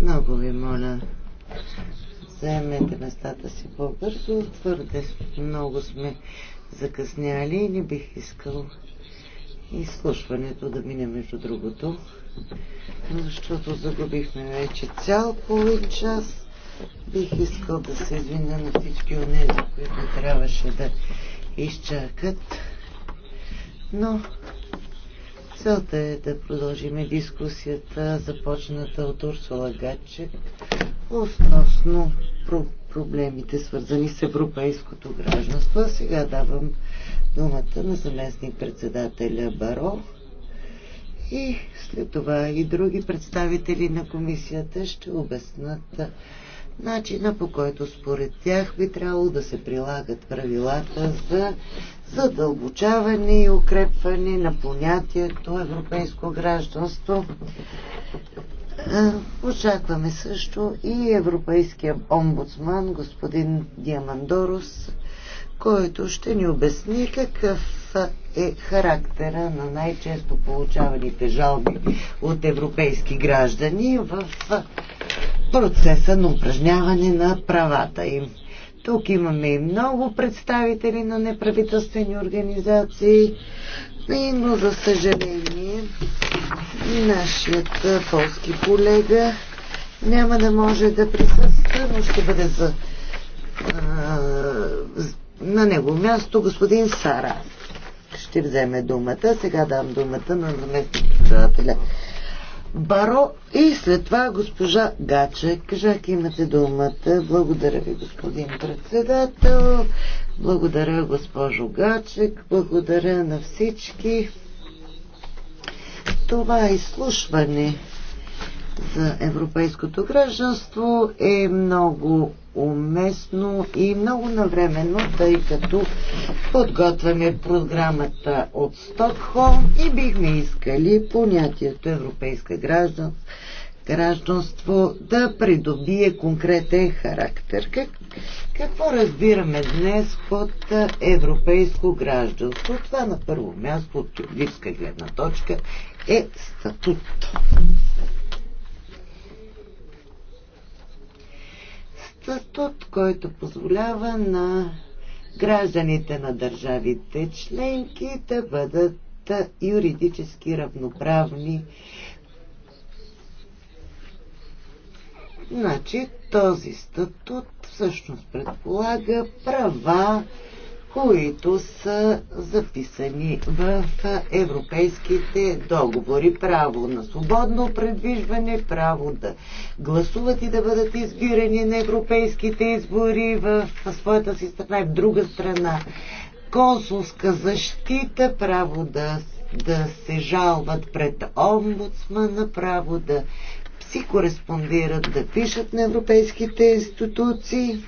Много ви моля, заемете местата си по-бързо. Твърде много сме закъсняли и не бих искал изслушването да мине между другото, защото загубихме вече цял половин час. Бих искал да се извиня на всички от тези, които трябваше да изчакат но целта е да продължиме дискусията, започната от Урсула Гатчек, относно про- проблемите, свързани с европейското гражданство. Сега давам думата на заместник председателя Баро и след това и други представители на комисията ще обяснат начина по който според тях би трябвало да се прилагат правилата за задълбочаване и укрепване на понятието европейско гражданство. Очакваме също и европейския омбудсман господин Диамандорос, който ще ни обясни какъв е характера на най-често получаваните жалби от европейски граждани в процеса на упражняване на правата им. Тук имаме и много представители на неправителствени организации, но за съжаление нашият полски колега няма да може да присъства, но ще бъде за, а, на него място господин Сара. Ще вземе думата. Сега дам думата на заместник председателя. Баро и след това госпожа Гаче. Кажак, имате думата. Благодаря ви, господин председател. Благодаря, госпожо Гачек. Благодаря на всички. Това изслушване за европейското гражданство е много уместно и много навременно, тъй като подготвяме програмата от Стокхолм и бихме искали понятието европейска гражданство гражданство да придобие конкретен характер. Как, какво разбираме днес под европейско гражданство? Това на първо място от юридическа гледна точка е статут. статут, който позволява на гражданите на държавите членки да бъдат юридически равноправни. Значи този статут всъщност предполага права които са записани в европейските договори. Право на свободно предвижване, право да гласуват и да бъдат избирани на европейските избори в своята си страна и в друга страна. Консулска защита, право да, да се жалват пред омбудсмана, право да си кореспондират, да пишат на европейските институции.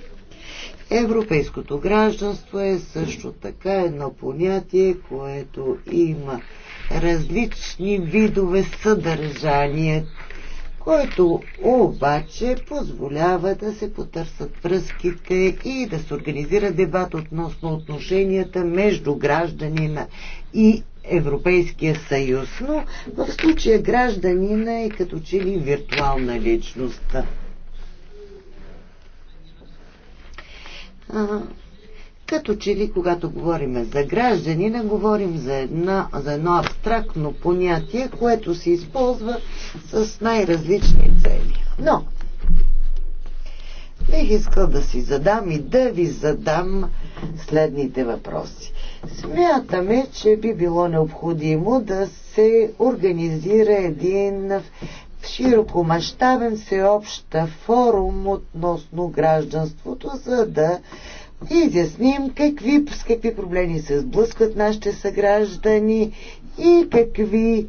Европейското гражданство е също така едно понятие, което има различни видове съдържание, което обаче позволява да се потърсят връзките и да се организира дебат относно отношенията между гражданина и Европейския съюз, но в случая гражданина е като че ли виртуална личност. като че ли, когато говорим за гражданина, говорим за, една, за едно абстрактно понятие, което се използва с най-различни цели. Но, бих искал да си задам и да ви задам следните въпроси. Смятаме, че би било необходимо да се организира един широкомащабен всеобща форум относно гражданството, за да изясним какви, с какви проблеми се сблъскват нашите съграждани и какви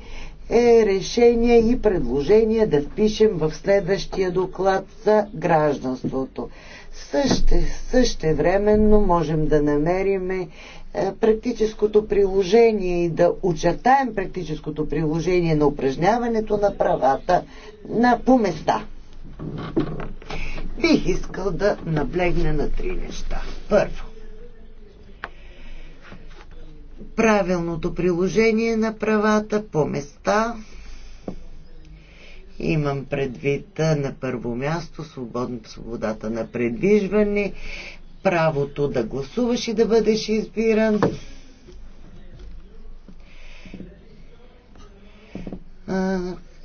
е решения и предложения да впишем в следващия доклад за гражданството. също същевременно можем да намериме е, практическото приложение и да очертаем практическото приложение на упражняването на правата на по места. Бих искал да наблегна на три неща. Първо, правилното приложение на правата по места. Имам предвид на първо място свободата на предвижване, правото да гласуваш и да бъдеш избиран.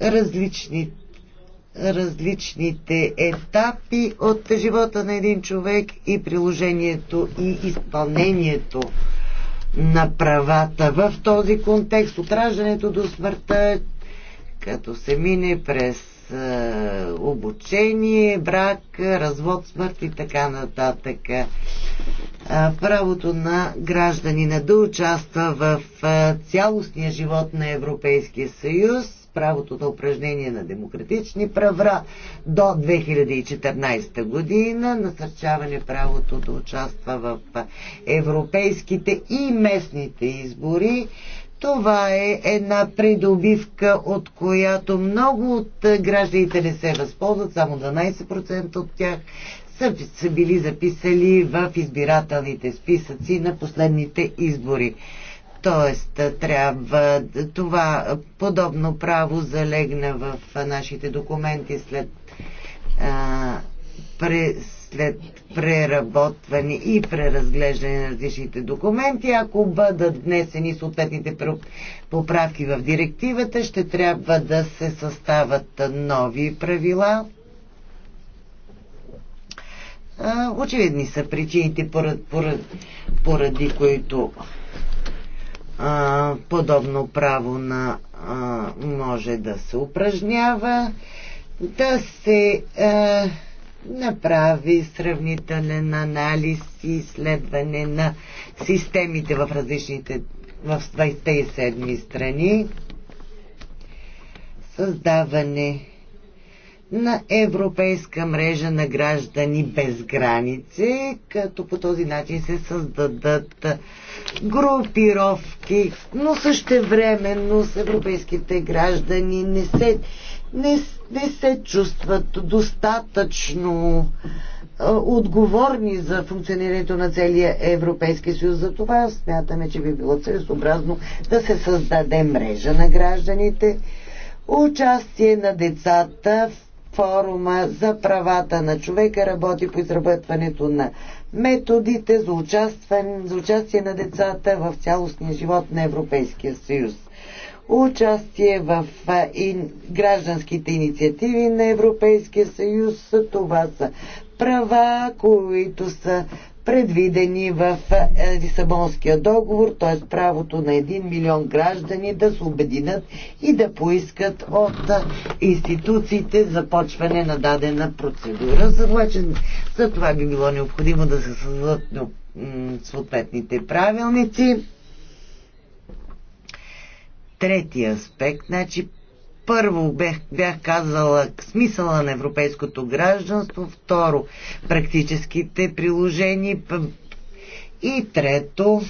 Различни, различните етапи от живота на един човек и приложението и изпълнението на правата в този контекст от раждането до смъртта, като се мине през е, обучение, брак, развод, смърт и така нататък. Е, правото на гражданина да участва в е, цялостния живот на Европейския съюз, правото на упражнение на демократични права до 2014 година, насърчаване правото да участва в европейските и местните избори, това е една придобивка, от която много от гражданите не се възползват, само 12% от тях са, са били записали в избирателните списъци на последните избори. Тоест, трябва това подобно право залегна в нашите документи след а, през след преработване и преразглеждане на различните документи. Ако бъдат внесени съответните поправки в директивата, ще трябва да се състават нови правила. Очевидни са причините, поради, поради, поради които а, подобно право на, а, може да се упражнява, да се а, направи сравнителен анализ и изследване на системите в различните в 27 страни, създаване на европейска мрежа на граждани без граници, като по този начин се създадат групировки, но същевременно с европейските граждани не се не, не се чувстват достатъчно отговорни за функционирането на целия Европейски съюз. За това смятаме, че би било целесообразно да се създаде мрежа на гражданите, участие на децата в форума за правата на човека работи по изработването на методите за участие, за участие на децата в цялостния живот на Европейския съюз участие в гражданските инициативи на Европейския съюз. Това са права, които са предвидени в Лисабонския договор, т.е. правото на 1 милион граждани да се обединят и да поискат от институциите започване на дадена процедура. Затлачен. За това би било необходимо да се създадат съответните правилници третия аспект. Значи, първо бях, бях казала смисъла на европейското гражданство, второ практическите приложения и трето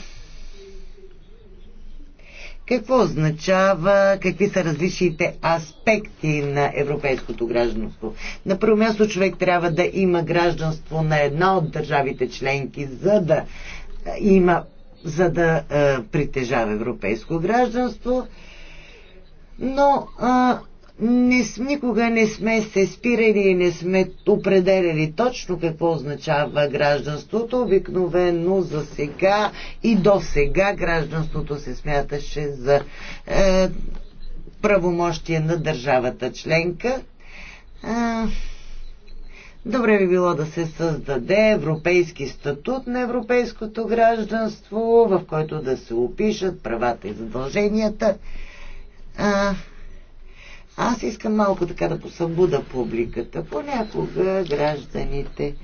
какво означава, какви са различните аспекти на европейското гражданство. На първо място човек трябва да има гражданство на една от държавите членки, за да има за да а, е, притежава европейско гражданство, но а, е, не, никога не сме се спирали и не сме определяли точно какво означава гражданството. Обикновено за сега и до сега гражданството се смяташе за е, правомощие на държавата членка. Е, Добре би било да се създаде европейски статут на европейското гражданство, в който да се опишат правата и задълженията. А, аз искам малко така да посъбуда публиката. Понякога гражданите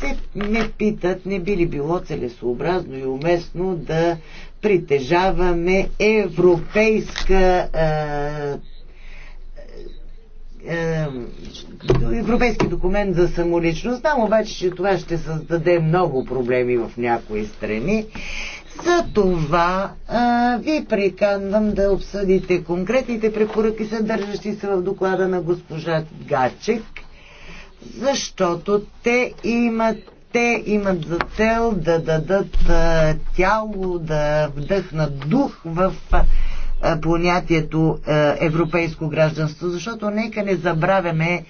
се не питат, не би ли било целесообразно и уместно да притежаваме европейска а, е, европейски документ за самоличност. там, обаче, че това ще създаде много проблеми в някои страни. За това а, ви приканвам да обсъдите конкретните препоръки, съдържащи се в доклада на госпожа Гачек, защото те имат те имат за цел да дадат а, тяло, да вдъхнат дух в е, понятието е, европейско гражданство, защото нека не забравяме,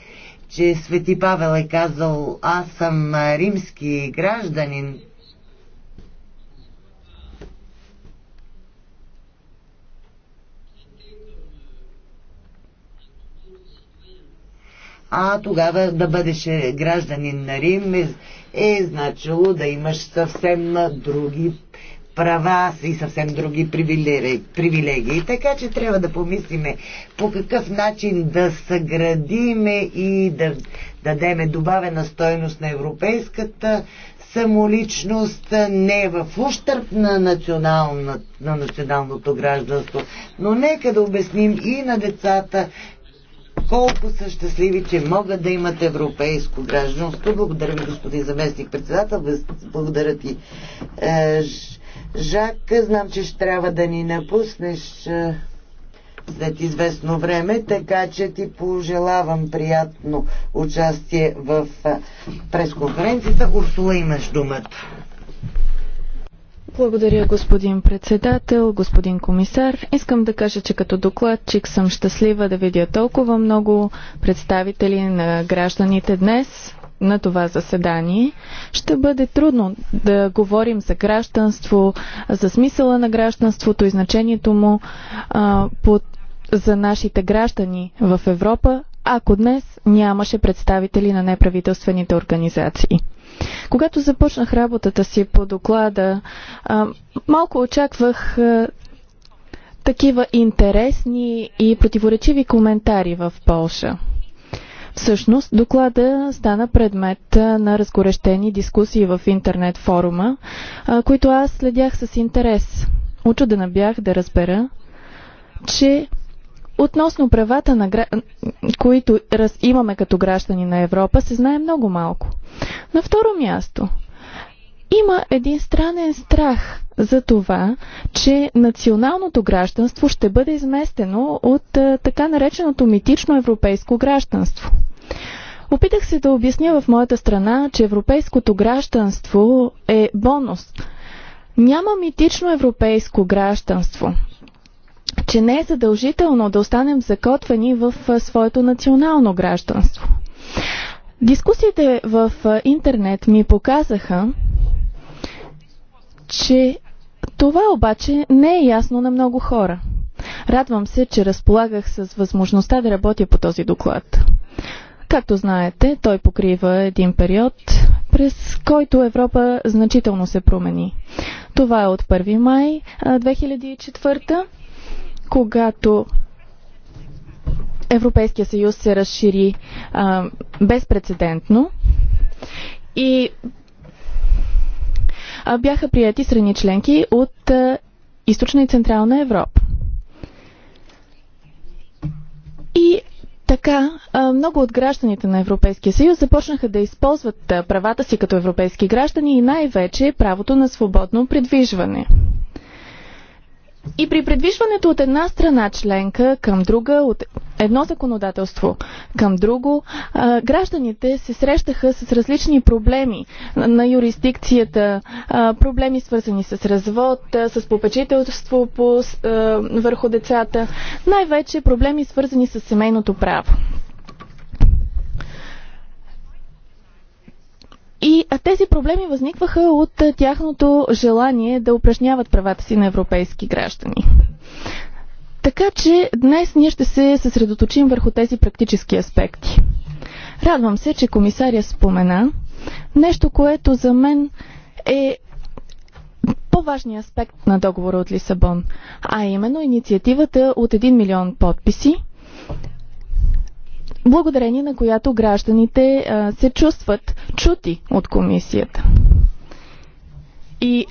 че Свети Павел е казал аз съм римски гражданин. А тогава да бъдеш гражданин на Рим е, е значило да имаш съвсем други права и съвсем други привилегии. Така че трябва да помислиме по какъв начин да съградиме и да дадеме добавена стойност на европейската самоличност не в ущърп на, национална, на националното гражданство, но нека да обясним и на децата колко са щастливи, че могат да имат европейско гражданство. Благодаря ви, господин заместник председател. Благодаря ти, е, Жак, знам, че ще трябва да ни напуснеш след известно време, така че ти пожелавам приятно участие в пресконференцията. Урсула, имаш думата. Благодаря, господин председател, господин комисар. Искам да кажа, че като докладчик съм щастлива да видя толкова много представители на гражданите днес на това заседание. Ще бъде трудно да говорим за гражданство, за смисъла на гражданството и значението му а, под, за нашите граждани в Европа, ако днес нямаше представители на неправителствените организации. Когато започнах работата си по доклада, а, малко очаквах а, такива интересни и противоречиви коментари в Полша. Всъщност, доклада стана предмет на разгорещени дискусии в интернет форума, които аз следях с интерес. Очудена бях да разбера, че относно правата, на гра... които раз... имаме като граждани на Европа, се знае много малко. На второ място, има един странен страх за това, че националното гражданство ще бъде изместено от така нареченото митично европейско гражданство – Опитах се да обясня в моята страна, че европейското гражданство е бонус. Няма митично европейско гражданство че не е задължително да останем закотвани в своето национално гражданство. Дискусиите в интернет ми показаха, че това обаче не е ясно на много хора. Радвам се, че разполагах с възможността да работя по този доклад. Както знаете, той покрива един период, през който Европа значително се промени. Това е от 1 май 2004, когато Европейския съюз се разшири а, безпредседентно и а, бяха прияти страни членки от а, източна и централна Европа. И така, много от гражданите на Европейския съюз започнаха да използват правата си като европейски граждани и най-вече правото на свободно придвижване. И при предвижването от една страна членка към друга, от едно законодателство към друго, гражданите се срещаха с различни проблеми на юрисдикцията, проблеми свързани с развод, с попечителство по, върху децата, най-вече проблеми свързани с семейното право. И тези проблеми възникваха от тяхното желание да упражняват правата си на европейски граждани. Така че днес ние ще се съсредоточим върху тези практически аспекти. Радвам се, че комисаря спомена нещо, което за мен е по-важният аспект на договора от Лисабон, а именно инициативата от 1 милион подписи, благодарение на която гражданите се чувстват чути от комисията. И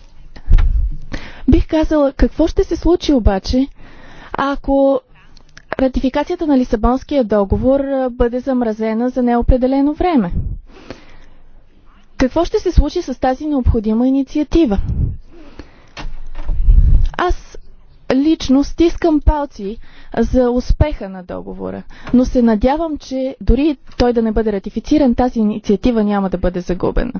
бих казала, какво ще се случи обаче, ако ратификацията на Лисабонския договор бъде замразена за неопределено време? Какво ще се случи с тази необходима инициатива? Аз лично стискам палци за успеха на договора, но се надявам, че дори той да не бъде ратифициран, тази инициатива няма да бъде загубена.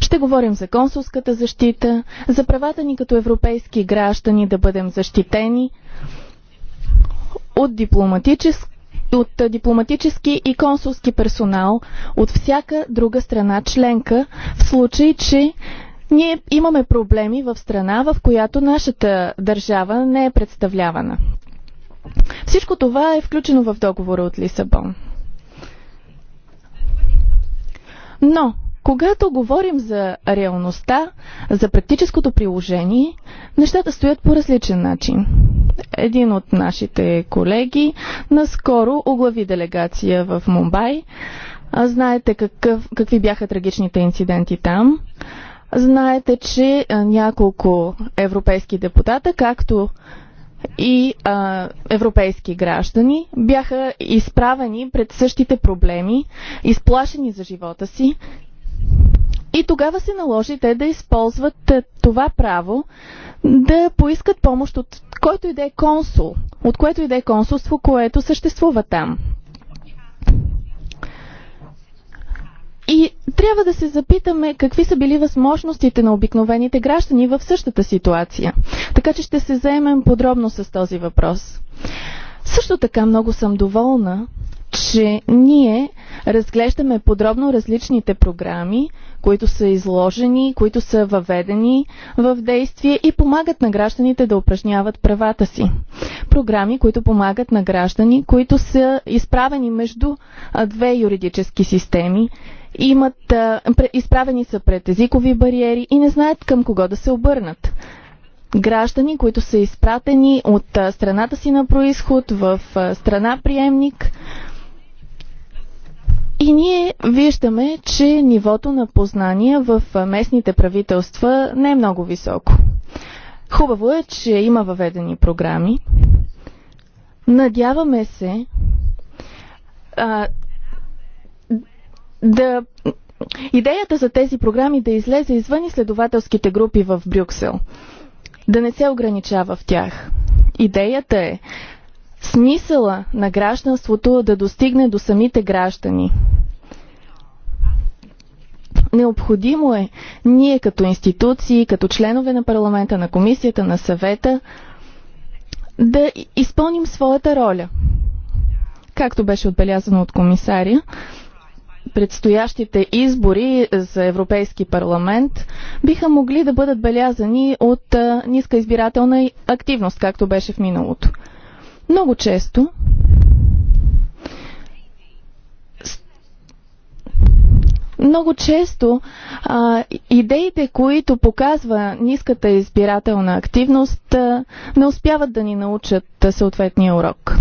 Ще говорим за консулската защита, за правата ни като европейски граждани да бъдем защитени от дипломатически от дипломатически и консулски персонал от всяка друга страна членка, в случай, че ние имаме проблеми в страна, в която нашата държава не е представлявана. Всичко това е включено в договора от Лисабон. Но, когато говорим за реалността, за практическото приложение, нещата стоят по различен начин. Един от нашите колеги наскоро оглави делегация в Мумбай. Знаете какъв, какви бяха трагичните инциденти там. Знаете, че няколко европейски депутата, както и а, европейски граждани бяха изправени пред същите проблеми, изплашени за живота си. И тогава се наложи те да използват това право да поискат помощ от който и да е консул, от което и да е консулство, което съществува там. И трябва да се запитаме какви са били възможностите на обикновените граждани в същата ситуация. Така че ще се заемем подробно с този въпрос. Също така много съм доволна, че ние разглеждаме подробно различните програми, които са изложени, които са въведени в действие и помагат на гражданите да упражняват правата си. Програми, които помагат на граждани, които са изправени между две юридически системи имат, изправени са пред езикови бариери и не знаят към кого да се обърнат. Граждани, които са изпратени от страната си на происход в страна приемник. И ние виждаме, че нивото на познания в местните правителства не е много високо. Хубаво е, че има въведени програми. Надяваме се да идеята за тези програми да излезе извън изследователските групи в Брюксел. Да не се ограничава в тях. Идеята е смисъла на гражданството да достигне до самите граждани. Необходимо е ние като институции, като членове на парламента, на комисията, на съвета да изпълним своята роля. Както беше отбелязано от комисаря, предстоящите избори за Европейски парламент биха могли да бъдат белязани от ниска избирателна активност, както беше в миналото. Много често много често а, идеите, които показва ниската избирателна активност, а, не успяват да ни научат съответния урок.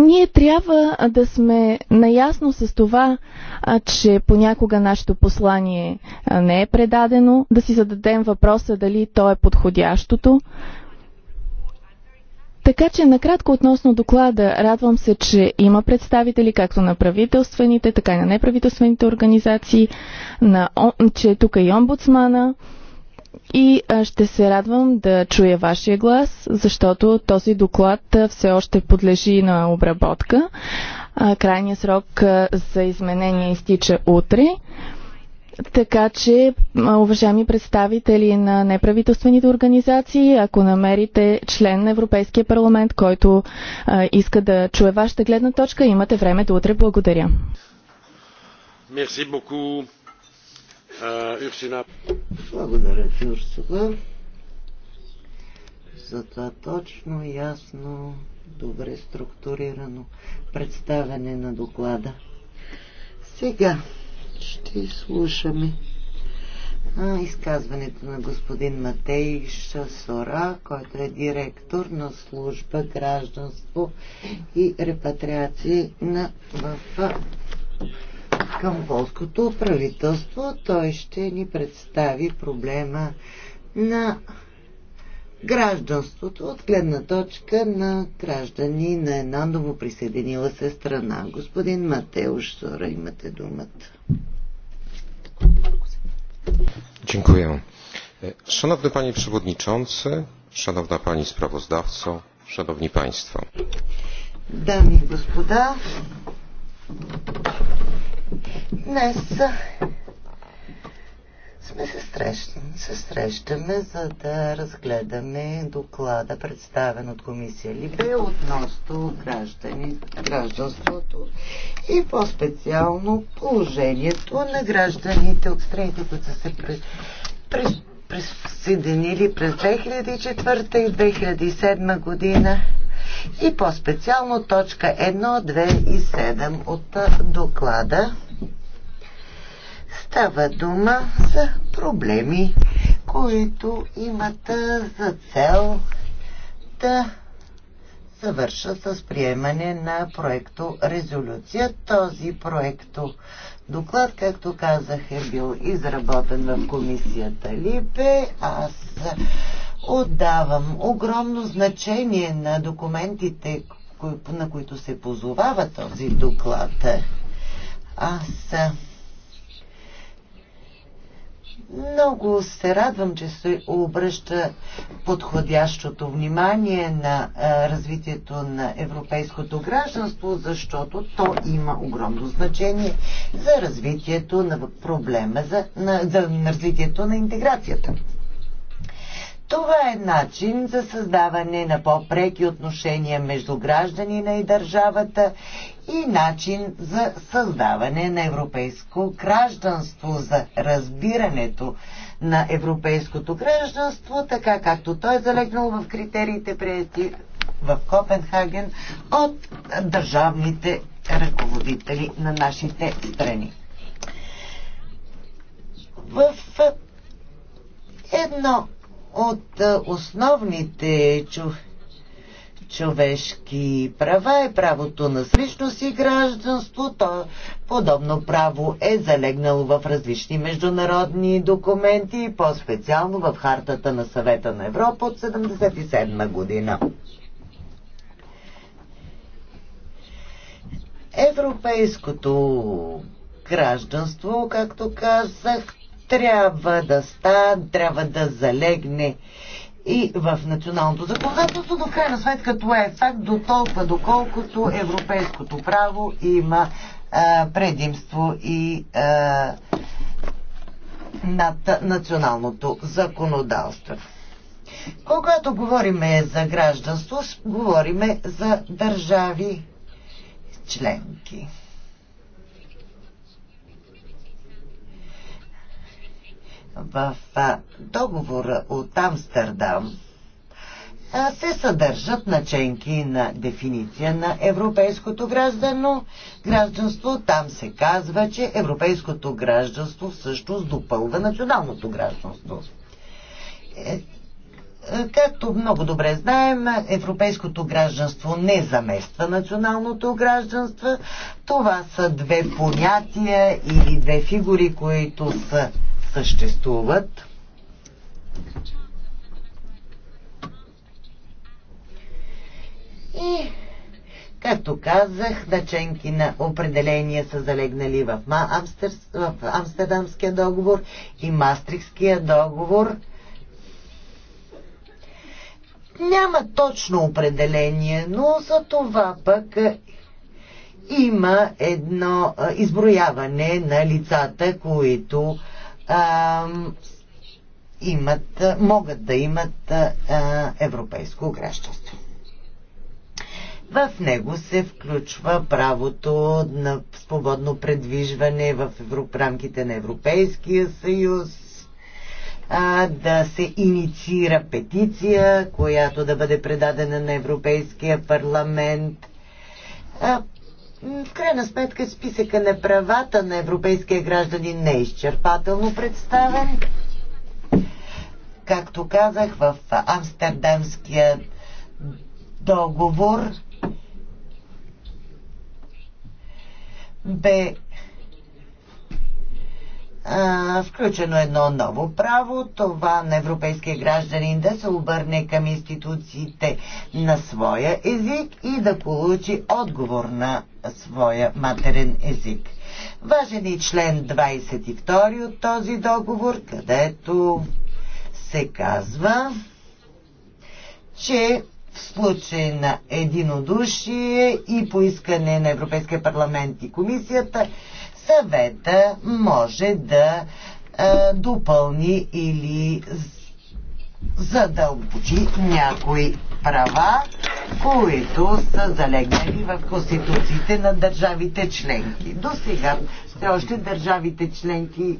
Ние трябва да сме наясно с това, че понякога нашето послание не е предадено, да си зададем въпроса дали то е подходящото. Така че накратко относно доклада, радвам се, че има представители както на правителствените, така и на неправителствените организации, на, че тук е и омбудсмана. И ще се радвам да чуя вашия глас, защото този доклад все още подлежи на обработка. Крайният срок за изменение изтича утре. Така че, уважаеми представители на неправителствените организации, ако намерите член на Европейския парламент, който а, иска да чуе вашата гледна точка, имате време до утре. Благодаря. Merci beaucoup. Е, Ирсина. Благодаря, Фюрсова. За това точно, ясно, добре структурирано представяне на доклада. Сега ще слушаме а, изказването на господин Матей Шасора, който е директор на служба гражданство и репатриации на, ВФА към полското правителство. Той ще ни представи проблема на гражданството от гледна точка на граждани на една новоприсъединила се страна. Господин Матеуш Сора, имате думата. Dziękuję. Szanowny Panie Przewodniczący, Szanowna Pani Sprawozdawco, Szanowni Państwo. Dami i gospoda, Днес сме се срещани, се срещаме, за да разгледаме доклада, представен от комисия Либе относно граждани, гражданството и по-специално положението на гражданите от страните, които са се присъединили през 2004 и 2007 година и по-специално точка 1, 2 и 7 от доклада. Става дума за проблеми, които имат за цел да завърша с приемане на проекто резолюция. Този проекто доклад, както казах, е бил изработен в комисията ЛИПЕ. Аз отдавам огромно значение на документите, на които се позовава този доклад. Аз много се радвам, че се обръща подходящото внимание на развитието на европейското гражданство, защото то има огромно значение за развитието на проблема, за, на, за развитието на интеграцията. Това е начин за създаване на по-преки отношения между гражданина и държавата и начин за създаване на европейско гражданство, за разбирането на европейското гражданство, така както той е залегнал в критериите, прияти в Копенхаген от държавните ръководители на нашите страни. В едно от основните чухи човешки права е правото на личност и гражданство. То подобно право е залегнало в различни международни документи по-специално в Хартата на съвета на Европа от 1977 година. Европейското гражданство, както казах, трябва да стане, трябва да залегне и в националното законодателство, но в крайна сметка това е факт до толкова, доколкото европейското право има а, предимство и а, над националното законодателство. Когато говориме за гражданство, говориме за държави членки. в договора от Амстердам се съдържат наченки на дефиниция на европейското граждано. Гражданство там се казва, че европейското гражданство всъщност допълва националното гражданство. Е, е, както много добре знаем, европейското гражданство не замества националното гражданство. Това са две понятия или две фигури, които са съществуват. И, както казах, наченки на определения са залегнали в, Амстерс, в Амстердамския договор и Мастрихския договор. Няма точно определение, но за това пък има едно изброяване на лицата, които а, имат, могат да имат а, европейско гражданство. В него се включва правото на свободно предвижване в Европ... рамките на Европейския съюз, а, да се инициира петиция, която да бъде предадена на Европейския парламент, а, в крайна сметка списъка на правата на европейския гражданин не е изчерпателно представен. Както казах, в Амстердамския договор бе включено е едно ново право, това на европейския гражданин да се обърне към институциите на своя език и да получи отговор на своя матерен език. Важен е член 22 от този договор, където се казва, че в случай на единодушие и поискане на Европейския парламент и комисията, съвета може да а, допълни или задълбочи някои права, които са залегнали в конституциите на държавите членки. До сега все още държавите членки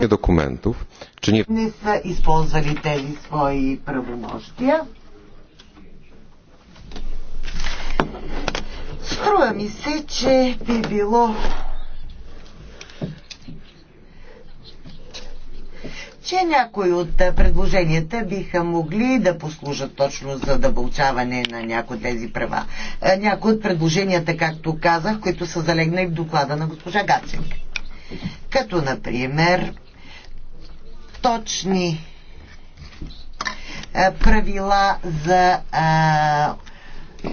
е документов, че ни... не са използвали тези свои правомощия. Струва ми се, че би било че някои от предложенията биха могли да послужат точно за дълбочаване на някои от тези права. Е, някои от предложенията, както казах, които са залегнали в доклада на госпожа Гацик. Като, например, точни е, правила за а, е,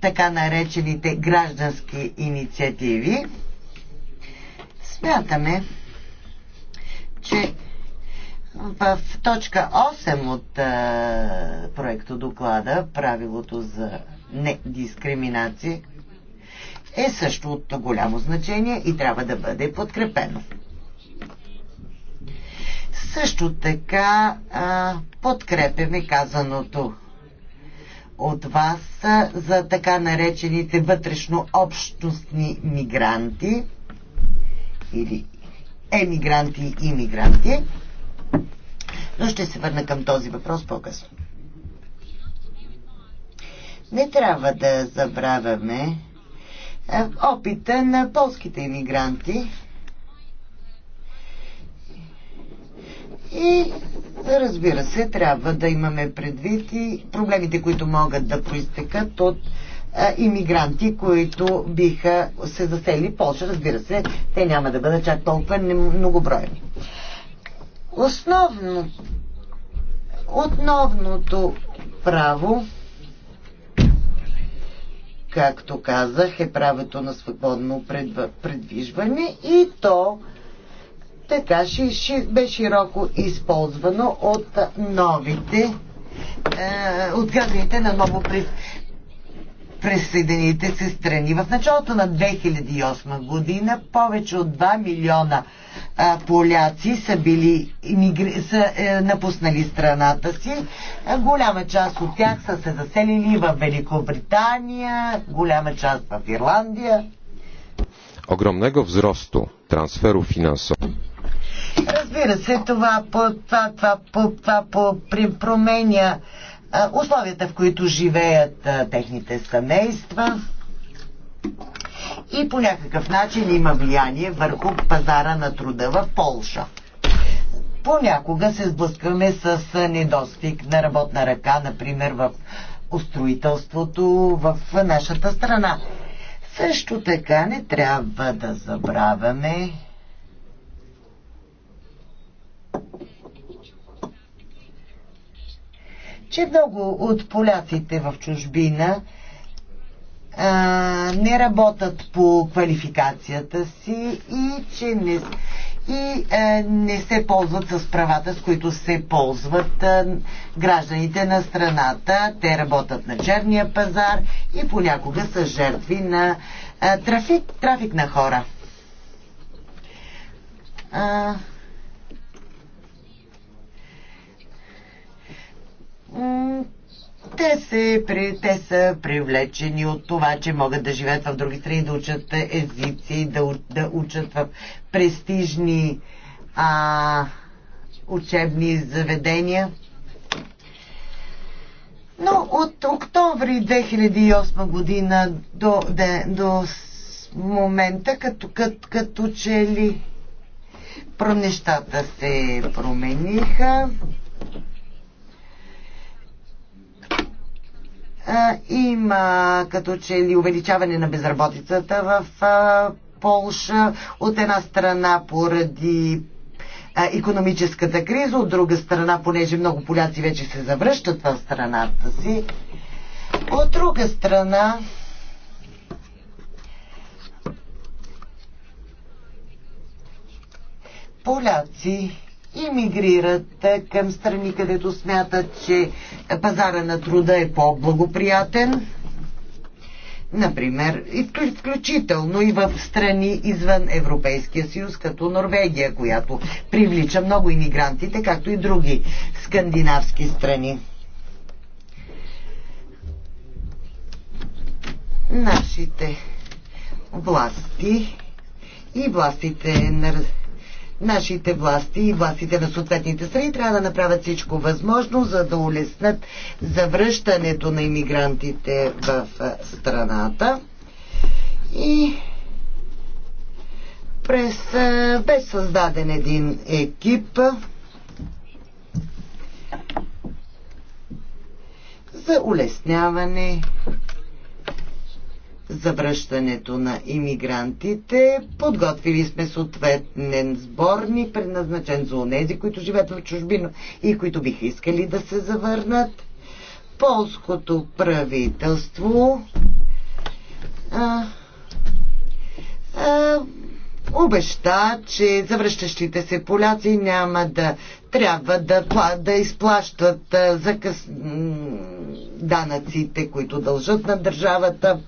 така наречените граждански инициативи. Смятаме, че в точка 8 от а, проекто доклада правилото за недискриминация е също от голямо значение и трябва да бъде подкрепено. Също така а, подкрепяме казаното от вас а, за така наречените вътрешно-общностни мигранти или емигранти и иммигранти. Но ще се върна към този въпрос по-късно. Не трябва да забравяме е, опита на полските иммигранти и разбира се, трябва да имаме предвид и проблемите, които могат да проистекат от иммигранти, които биха се засели Польша. Разбира се, те няма да бъдат чак толкова многобройни. Основно, основното право, както казах, е правото на свободно предвижване и то така бе широко използвано от новите е, от гражданите на ново присъедините се страни. В началото на 2008 година повече от 2 милиона а, поляци са, били, имигри... са е, напуснали страната си. А, голяма част от тях са се заселили в Великобритания, голяма част в Ирландия. Огромnego взросто transferów финансов. Разбира се, това, това, това, това, това, това променя условията, в които живеят техните семейства и по някакъв начин има влияние върху пазара на труда в Полша. Понякога се сблъскваме с недостиг на работна ръка, например в устроителството в нашата страна. Също така не трябва да забравяме че много от поляците в чужбина а, не работят по квалификацията си и че не, и, а, не се ползват с правата, с които се ползват а, гражданите на страната. Те работят на черния пазар и понякога са жертви на а, трафик, трафик на хора. А, те, се, те са привлечени от това, че могат да живеят в други страни, да учат езици, да, да учат в престижни а, учебни заведения. Но от октомври 2008 година до, де, до момента, като, като, като че ли нещата се промениха, Има като че ли увеличаване на безработицата в Полша от една страна поради економическата криза, от друга страна, понеже много поляци вече се завръщат в страната си. От друга страна, поляци иммигрират към страни, където смятат, че пазара на труда е по-благоприятен. Например, включително и в страни извън Европейския съюз, като Норвегия, която привлича много иммигрантите, както и други скандинавски страни. Нашите власти и властите на нашите власти и властите на съответните страни трябва да направят всичко възможно, за да улеснат завръщането на иммигрантите в страната. И през бе създаден един екип за улесняване за връщането на иммигрантите. Подготвили сме съответен сборник, предназначен за онези, които живеят в чужбина и които биха искали да се завърнат. Полското правителство а, а, обеща, че завръщащите се поляци няма да трябва да, да изплащат закъс... данъците, които дължат на държавата.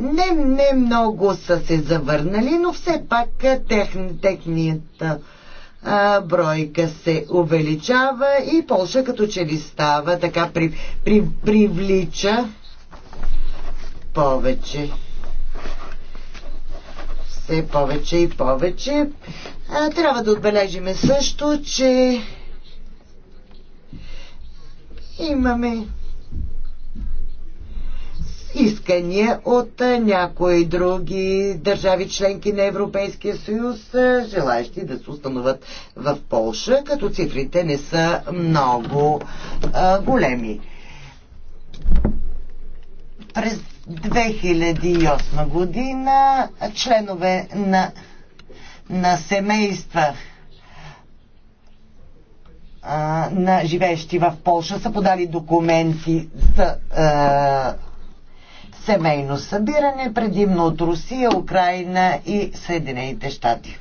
не, не много са се завърнали, но все пак тех, техният а, бройка се увеличава и Польша като че ли става, така при, при, привлича повече. Все повече и повече. А, трябва да отбележиме също, че имаме искания от някои други държави членки на Европейския съюз, желаящи да се установят в Полша, като цифрите не са много а, големи. През 2008 година членове на, на семейства а, на живеещи в Полша са подали документи за семейно събиране, предимно от Русия, Украина и Съединените щати.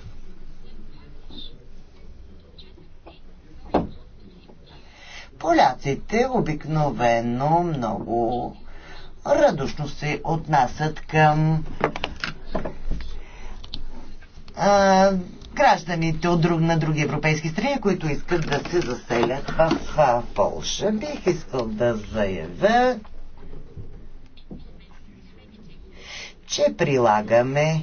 Поляците обикновено много радушно се отнасят към а, гражданите от друг, на други европейски страни, които искат да се заселят в Полша. Бих искал да заявя, че прилагаме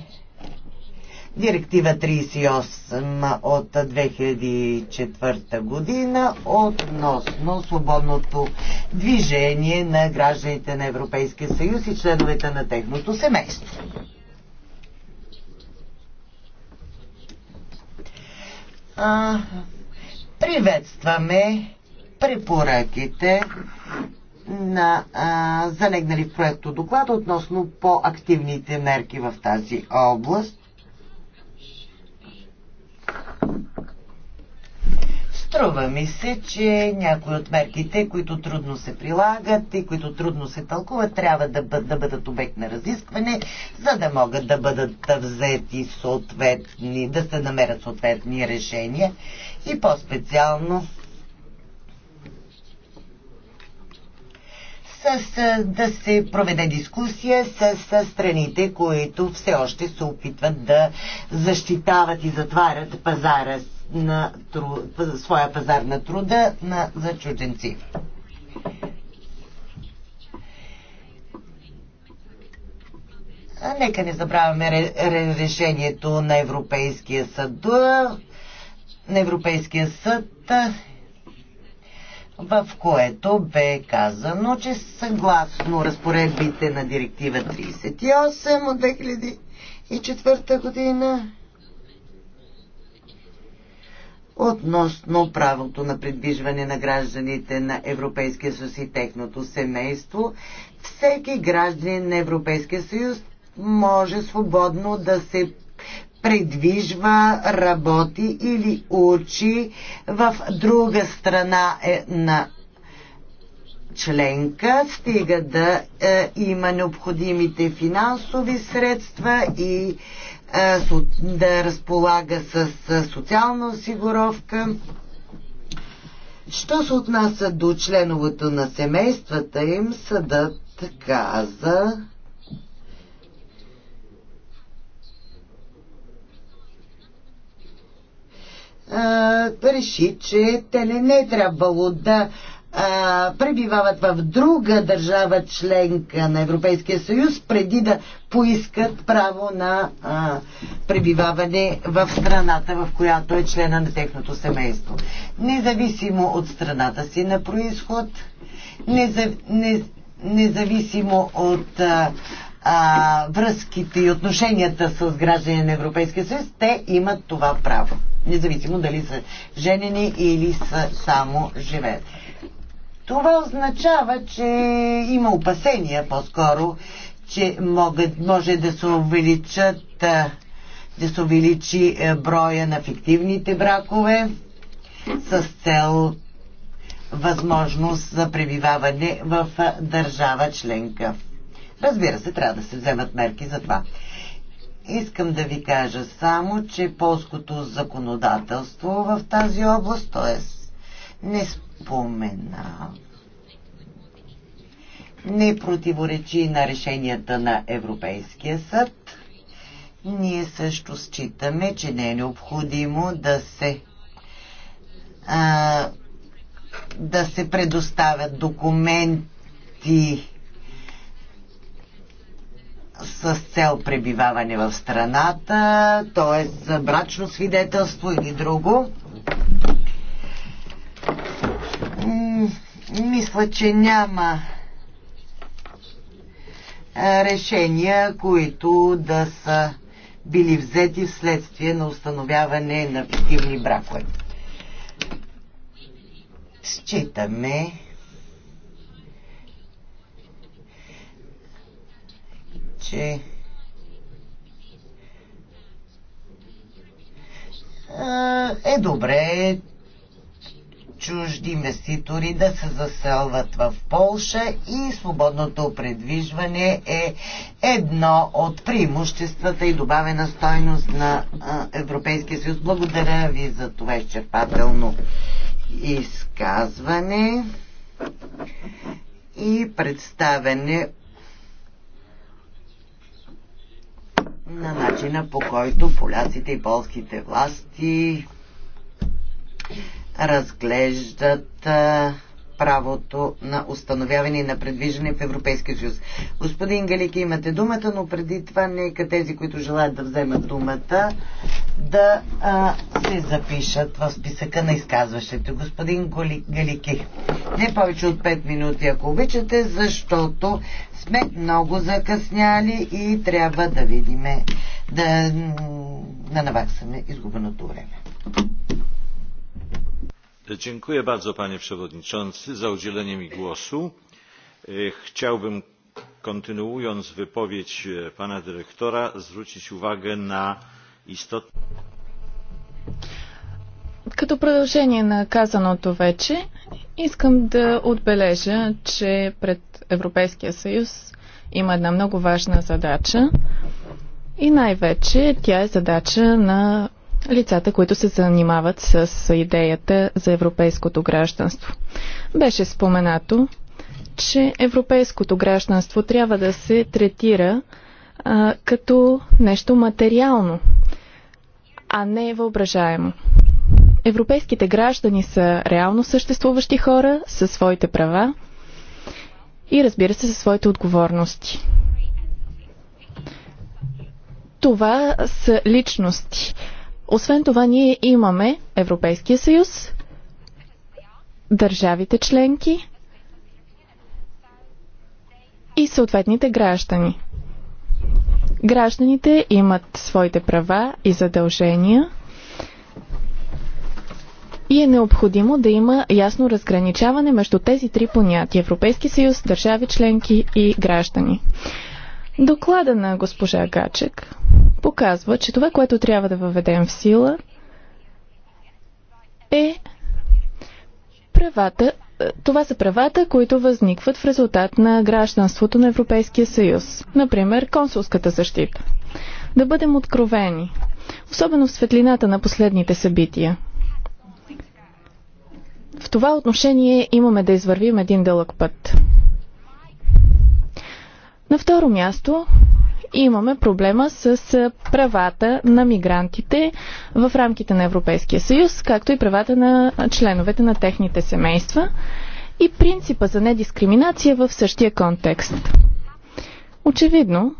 Директива 38 от 2004 година относно свободното движение на гражданите на Европейския съюз и членовете на техното семейство. А, приветстваме препоръките на а, залегнали в проекто доклада относно по-активните мерки в тази област. Струва ми се, че някои от мерките, които трудно се прилагат и които трудно се тълкуват, трябва да, бъд, да бъдат обект на разискване, за да могат да бъдат взети съответни, да се намерят съответни решения и по-специално с, да се проведе дискусия с, с страните, които все още се опитват да защитават и затварят пазара на тру, своя пазар на труда на, за чужденци. А нека не забравяме решението на Европейския съд. На Европейския съд в което бе казано, че съгласно разпоредбите на директива 38 от 2004 година относно правото на придвижване на гражданите на Европейския съюз и техното семейство, всеки гражданин на Европейския съюз може свободно да се предвижва, работи или учи в друга страна е на членка, стига да е, има необходимите финансови средства и е, да разполага с с социална осигуровка. Що се отнася до членовото на семействата им, съдът каза, а, реши, че те не, е трябвало да а, пребивават в друга държава членка на Европейския съюз, преди да поискат право на а, пребиваване в страната, в която е члена на техното семейство. Независимо от страната си на происход, незав... не... независимо от а, а, връзките и отношенията с граждани на Европейския съюз, те имат това право. Независимо дали са женени или са само живеят. Това означава, че има опасения по-скоро, че могат, може да се увеличат да се увеличи броя на фиктивните бракове с цел възможност за пребиваване в държава членка. Разбира се, трябва да се вземат мерки за това. Искам да ви кажа само, че полското законодателство в тази област, т.е. не спомена, не противоречи на решенията на Европейския съд. Ние също считаме, че не е необходимо да се а, да се предоставят документи с цел пребиваване в страната, т.е. за брачно свидетелство или друго. Мисля, че няма решения, които да са били взети вследствие на установяване на фиктивни бракове. Считаме, че е добре чужди инвеститори да се заселват в Полша и свободното предвижване е едно от преимуществата и добавена стойност на Европейския съюз. Благодаря ви за това изчерпателно изказване и представене на начина по който поляците и полските власти разглеждат правото на установяване и на предвиждане в Европейския съюз. Господин Галики, имате думата, но преди това нека тези, които желаят да вземат думата, да а, се запишат в списъка на изказващите. Господин Галики, не повече от 5 минути, ако обичате, защото сме много закъсняли и трябва да видиме, да, да наваксаме изгубеното време. Dziękuję bardzo panie przewodniczący za udzielenie mi głosu. Chciałbym kontynuując wypowiedź pana dyrektora zwrócić uwagę na istotne като продължение на казаното вече, искам да отбележа, че пред Европейския съюз има една много важна задача и най-вече тя е задача на лицата, които се занимават с идеята за европейското гражданство. Беше споменато, че европейското гражданство трябва да се третира а, като нещо материално, а не въображаемо. Европейските граждани са реално съществуващи хора със своите права и разбира се със своите отговорности. Това са личности, освен това, ние имаме Европейския съюз, държавите членки и съответните граждани. Гражданите имат своите права и задължения и е необходимо да има ясно разграничаване между тези три понятия Европейски съюз, държави членки и граждани. Доклада на госпожа Гачек показва, че това, което трябва да въведем в сила е правата. Е, това са правата, които възникват в резултат на гражданството на Европейския съюз. Например, консулската защита. Да бъдем откровени, особено в светлината на последните събития. В това отношение имаме да извървим един дълъг път. На второ място имаме проблема с правата на мигрантите в рамките на Европейския съюз, както и правата на членовете на техните семейства и принципа за недискриминация в същия контекст. Очевидно,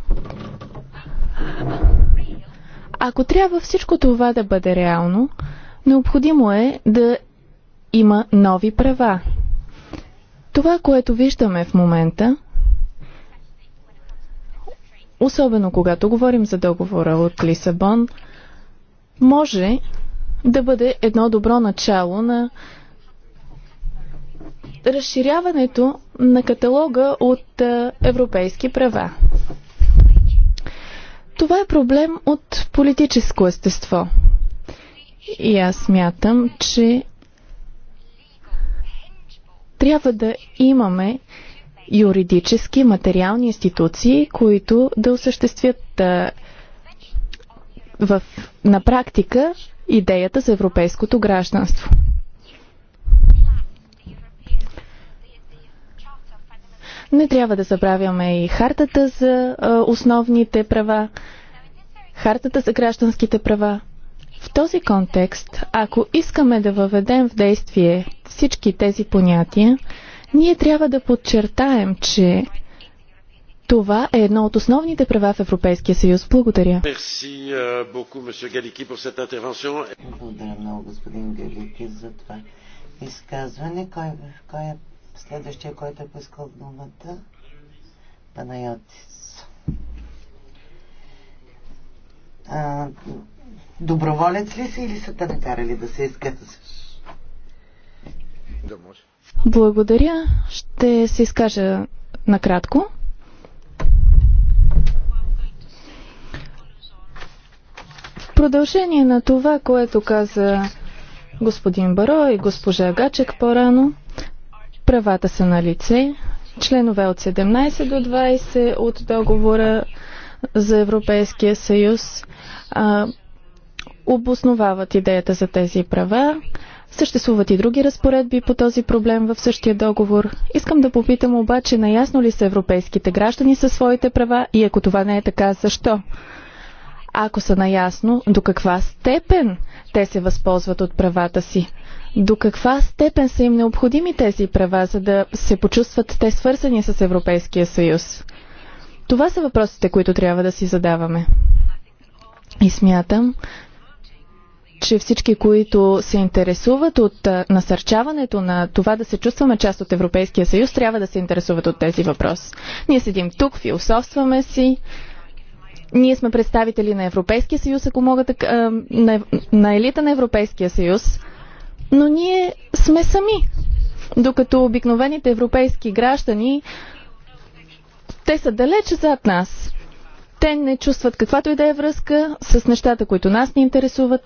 ако трябва всичко това да бъде реално, необходимо е да има нови права. Това, което виждаме в момента, особено когато говорим за договора от Лисабон, може да бъде едно добро начало на разширяването на каталога от европейски права. Това е проблем от политическо естество. И аз смятам, че трябва да имаме юридически, материални институции, които да осъществят а, в, на практика идеята за европейското гражданство. Не трябва да забравяме и хартата за а, основните права, хартата за гражданските права. В този контекст, ако искаме да въведем в действие всички тези понятия, ние трябва да подчертаем, че това е едно от основните права в Европейския съюз. Благодаря. Euh, Благодаря много, господин Галики, за това изказване. Кой, кой е следващия, който е поискал думата? Панайотис. А, доброволец ли си или са те накарали да се изкъсваш? Да може. Благодаря. Ще се изкажа накратко. В продължение на това, което каза господин Баро и госпожа Гачек по-рано, правата са на лице, членове от 17 до 20 от договора за Европейския съюз а, обосновават идеята за тези права. Съществуват и други разпоредби по този проблем в същия договор. Искам да попитам обаче, наясно ли са европейските граждани със своите права и ако това не е така, защо? Ако са наясно, до каква степен те се възползват от правата си? До каква степен са им необходими тези права, за да се почувстват те свързани с Европейския съюз? Това са въпросите, които трябва да си задаваме. И смятам, че всички, които се интересуват от насърчаването на това да се чувстваме част от Европейския съюз, трябва да се интересуват от тези въпроси. Ние седим тук, философстваме си. Ние сме представители на Европейския съюз, ако мога така, на, на елита на Европейския съюз, но ние сме сами. Докато обикновените европейски граждани, те са далече зад нас. Те не чувстват каквато и да е връзка с нещата, които нас ни интересуват.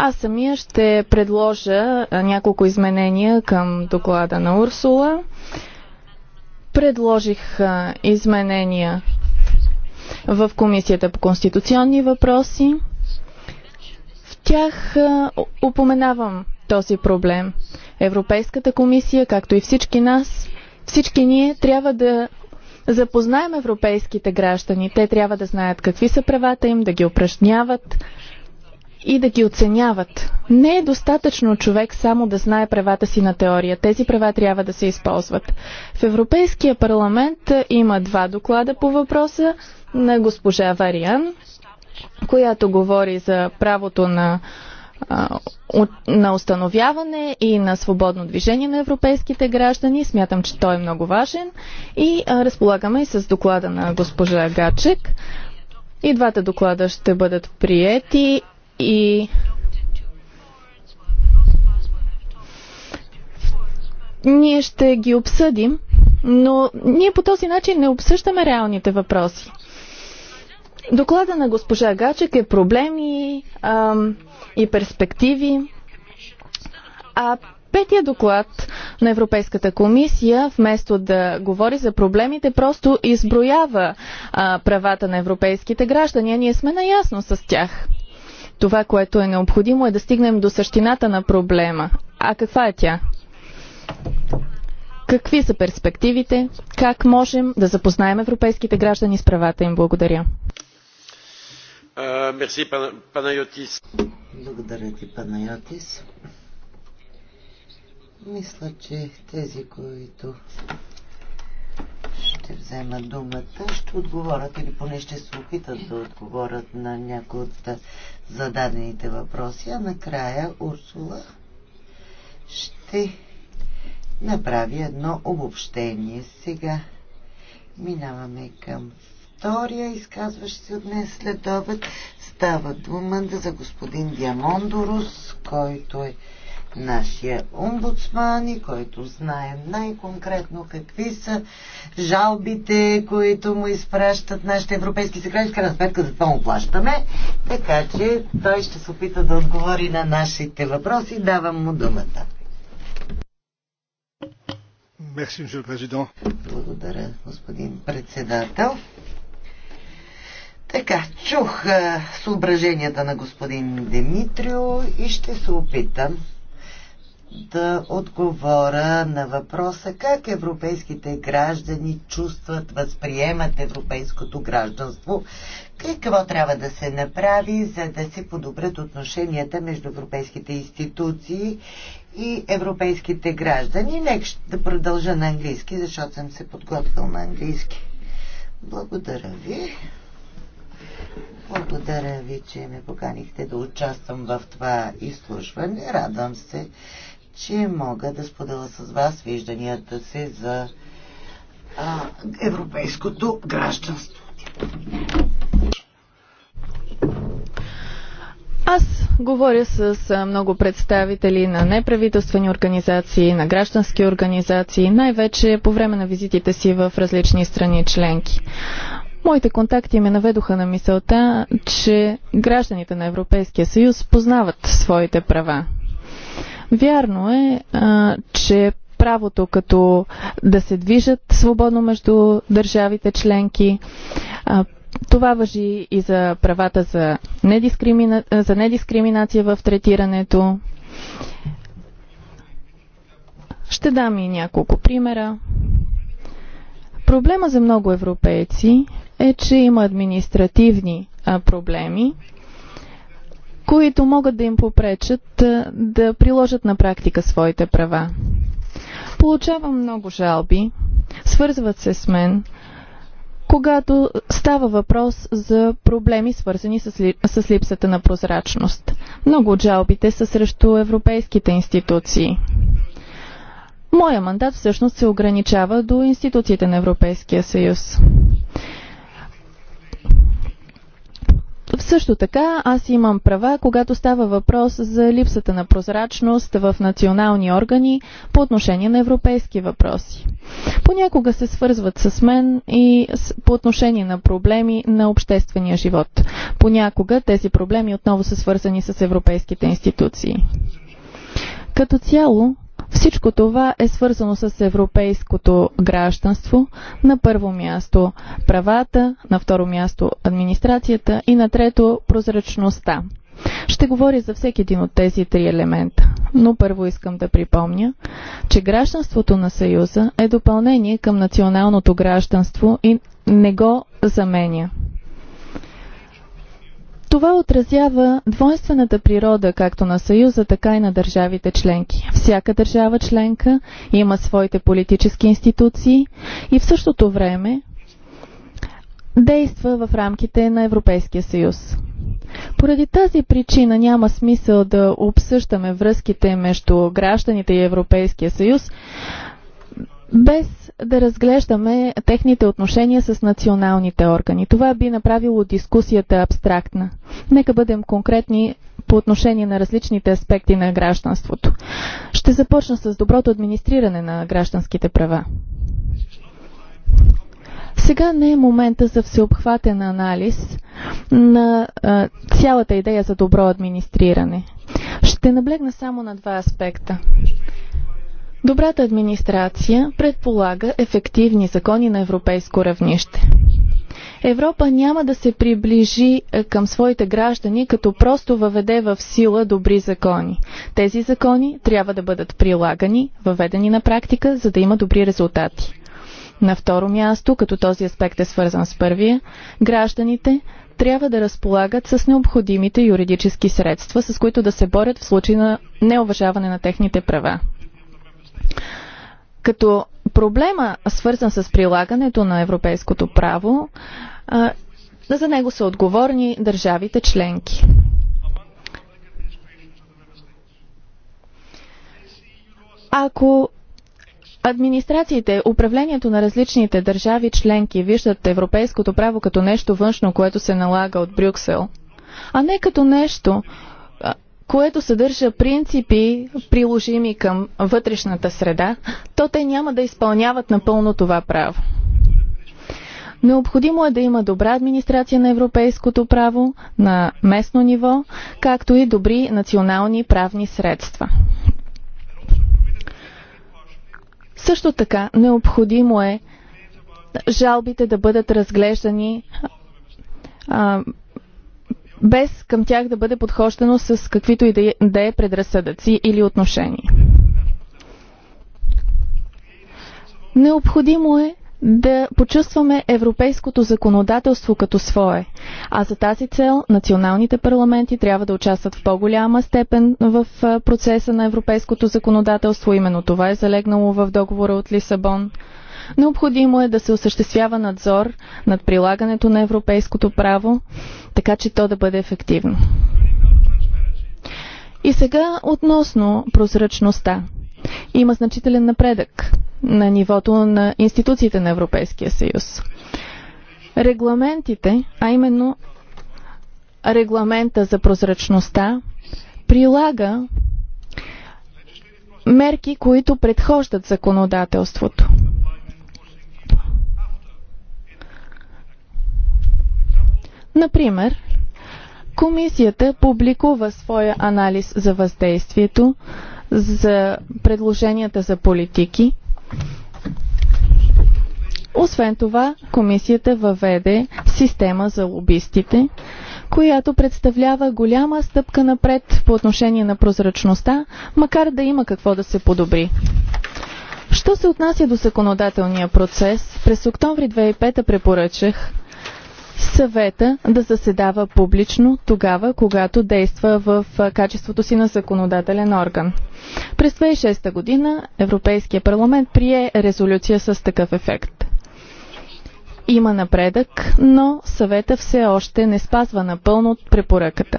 Аз самия ще предложа няколко изменения към доклада на Урсула. Предложих изменения в Комисията по конституционни въпроси. В тях упоменавам този проблем. Европейската комисия, както и всички нас, всички ние трябва да запознаем европейските граждани. Те трябва да знаят какви са правата им, да ги упражняват и да ги оценяват. Не е достатъчно човек само да знае правата си на теория. Тези права трябва да се използват. В Европейския парламент има два доклада по въпроса на госпожа Вариан, която говори за правото на на установяване и на свободно движение на европейските граждани. Смятам, че той е много важен. И разполагаме и с доклада на госпожа Гачек. И двата доклада ще бъдат приети и ние ще ги обсъдим, но ние по този начин не обсъждаме реалните въпроси. Доклада на госпожа Гачек е проблеми ам, и перспективи, а петия доклад на Европейската комисия, вместо да говори за проблемите, просто изброява а, правата на европейските граждани, а ние сме наясно с тях. Това, което е необходимо е да стигнем до същината на проблема. А каква е тя? Какви са перспективите? Как можем да запознаем европейските граждани с правата им? Благодаря. Мерси, Панайотис. Благодаря ти, Панайотис. Мисля, че тези, които ще вземат думата, ще отговорят или поне ще се опитат да отговорят на някои от зададените въпроси, а накрая Урсула ще направи едно обобщение. Сега минаваме към втория изказващ се днес след обед. Става дума за господин Диамондорус, който е нашия омбудсман и който знае най-конкретно какви са жалбите, които му изпращат нашите европейски секретари, в крайна сметка за това му плащаме. Така че той ще се опита да отговори на нашите въпроси. Давам му думата. Мерси, президент. Благодаря, господин председател. Така, чух съображенията на господин Димитрио и ще се опитам да отговоря на въпроса как европейските граждани чувстват, възприемат европейското гражданство, какво трябва да се направи, за да се подобрят отношенията между европейските институции и европейските граждани. Нека да продължа на английски, защото съм се подготвил на английски. Благодаря ви. Благодаря ви, че ме поканихте да участвам в това изслушване. Радвам се, че мога да споделя с вас вижданията си за а, европейското гражданство. Аз говоря с много представители на неправителствени организации, на граждански организации, най-вече по време на визитите си в различни страни членки. Моите контакти ме наведоха на мисълта, че гражданите на Европейския съюз познават своите права. Вярно е, че правото като да се движат свободно между държавите членки, това въжи и за правата за, недискримина... за недискриминация в третирането. Ще дам и няколко примера. Проблема за много европейци е, че има административни проблеми, които могат да им попречат да приложат на практика своите права. Получавам много жалби, свързват се с мен, когато става въпрос за проблеми, свързани с, ли, с липсата на прозрачност. Много от жалбите са срещу европейските институции. Моя мандат всъщност се ограничава до институциите на Европейския съюз. Също така аз имам права, когато става въпрос за липсата на прозрачност в национални органи по отношение на европейски въпроси. Понякога се свързват с мен и по отношение на проблеми на обществения живот. Понякога тези проблеми отново са свързани с европейските институции. Като цяло, всичко това е свързано с европейското гражданство. На първо място правата, на второ място администрацията и на трето прозрачността. Ще говоря за всеки един от тези три елемента, но първо искам да припомня, че гражданството на Съюза е допълнение към националното гражданство и не го заменя. Това отразява двойствената природа както на Съюза, така и на държавите членки. Всяка държава членка има своите политически институции и в същото време действа в рамките на Европейския съюз. Поради тази причина няма смисъл да обсъждаме връзките между гражданите и Европейския съюз без да разглеждаме техните отношения с националните органи. Това би направило дискусията абстрактна. Нека бъдем конкретни по отношение на различните аспекти на гражданството. Ще започна с доброто администриране на гражданските права. Сега не е момента за всеобхватен анализ на а, цялата идея за добро администриране. Ще наблегна само на два аспекта. Добрата администрация предполага ефективни закони на европейско равнище. Европа няма да се приближи е, към своите граждани, като просто въведе в сила добри закони. Тези закони трябва да бъдат прилагани, въведени на практика, за да има добри резултати. На второ място, като този аспект е свързан с първия, гражданите трябва да разполагат с необходимите юридически средства, с които да се борят в случай на неуважаване на техните права. Като проблема, свързан с прилагането на европейското право, за него са отговорни държавите членки. Ако администрациите, управлението на различните държави членки виждат европейското право като нещо външно, което се налага от Брюксел, а не като нещо, което съдържа принципи, приложими към вътрешната среда, то те няма да изпълняват напълно това право. Необходимо е да има добра администрация на европейското право на местно ниво, както и добри национални правни средства. Също така, необходимо е жалбите да бъдат разглеждани а, без към тях да бъде подхождано с каквито и е, да е предразсъдъци или отношения. Необходимо е да почувстваме европейското законодателство като свое. А за тази цел националните парламенти трябва да участват в по-голяма степен в процеса на европейското законодателство. Именно това е залегнало в договора от Лисабон. Необходимо е да се осъществява надзор над прилагането на европейското право, така че то да бъде ефективно. И сега относно прозрачността. Има значителен напредък на нивото на институциите на Европейския съюз. Регламентите, а именно регламента за прозрачността, прилага мерки, които предхождат законодателството. Например, комисията публикува своя анализ за въздействието, за предложенията за политики. Освен това, комисията въведе система за лобистите, която представлява голяма стъпка напред по отношение на прозрачността, макар да има какво да се подобри. Що се отнася до законодателния процес, през октомври 2005 препоръчах съвета да заседава публично тогава, когато действа в качеството си на законодателен орган. През 2006 година Европейския парламент прие резолюция с такъв ефект. Има напредък, но съвета все още не спазва напълно от препоръката.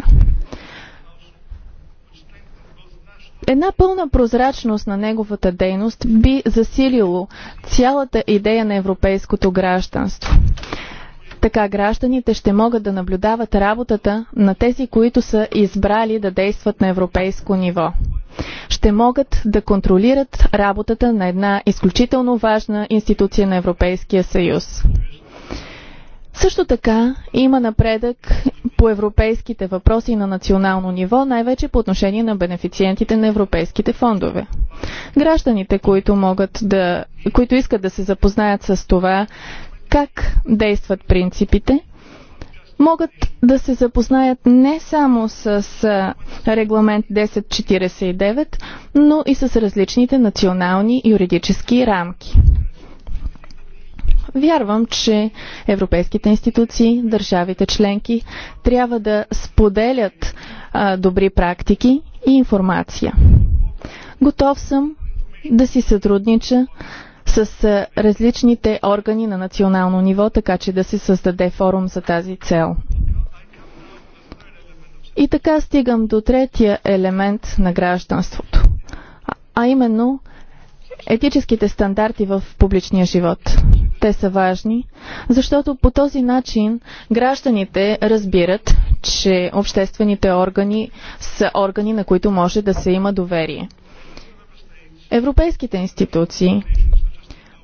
Една пълна прозрачност на неговата дейност би засилило цялата идея на европейското гражданство. Така гражданите ще могат да наблюдават работата на тези, които са избрали да действат на европейско ниво. Ще могат да контролират работата на една изключително важна институция на Европейския съюз. Също така има напредък по европейските въпроси на национално ниво, най-вече по отношение на бенефициентите на европейските фондове. Гражданите, които, могат да, които искат да се запознаят с това как действат принципите, могат да се запознаят не само с регламент 1049, но и с различните национални юридически рамки. Вярвам, че европейските институции, държавите членки трябва да споделят а, добри практики и информация. Готов съм да си сътруднича с различните органи на национално ниво, така че да се създаде форум за тази цел. И така стигам до третия елемент на гражданството, а именно етическите стандарти в публичния живот. Те са важни, защото по този начин гражданите разбират, че обществените органи са органи, на които може да се има доверие. Европейските институции,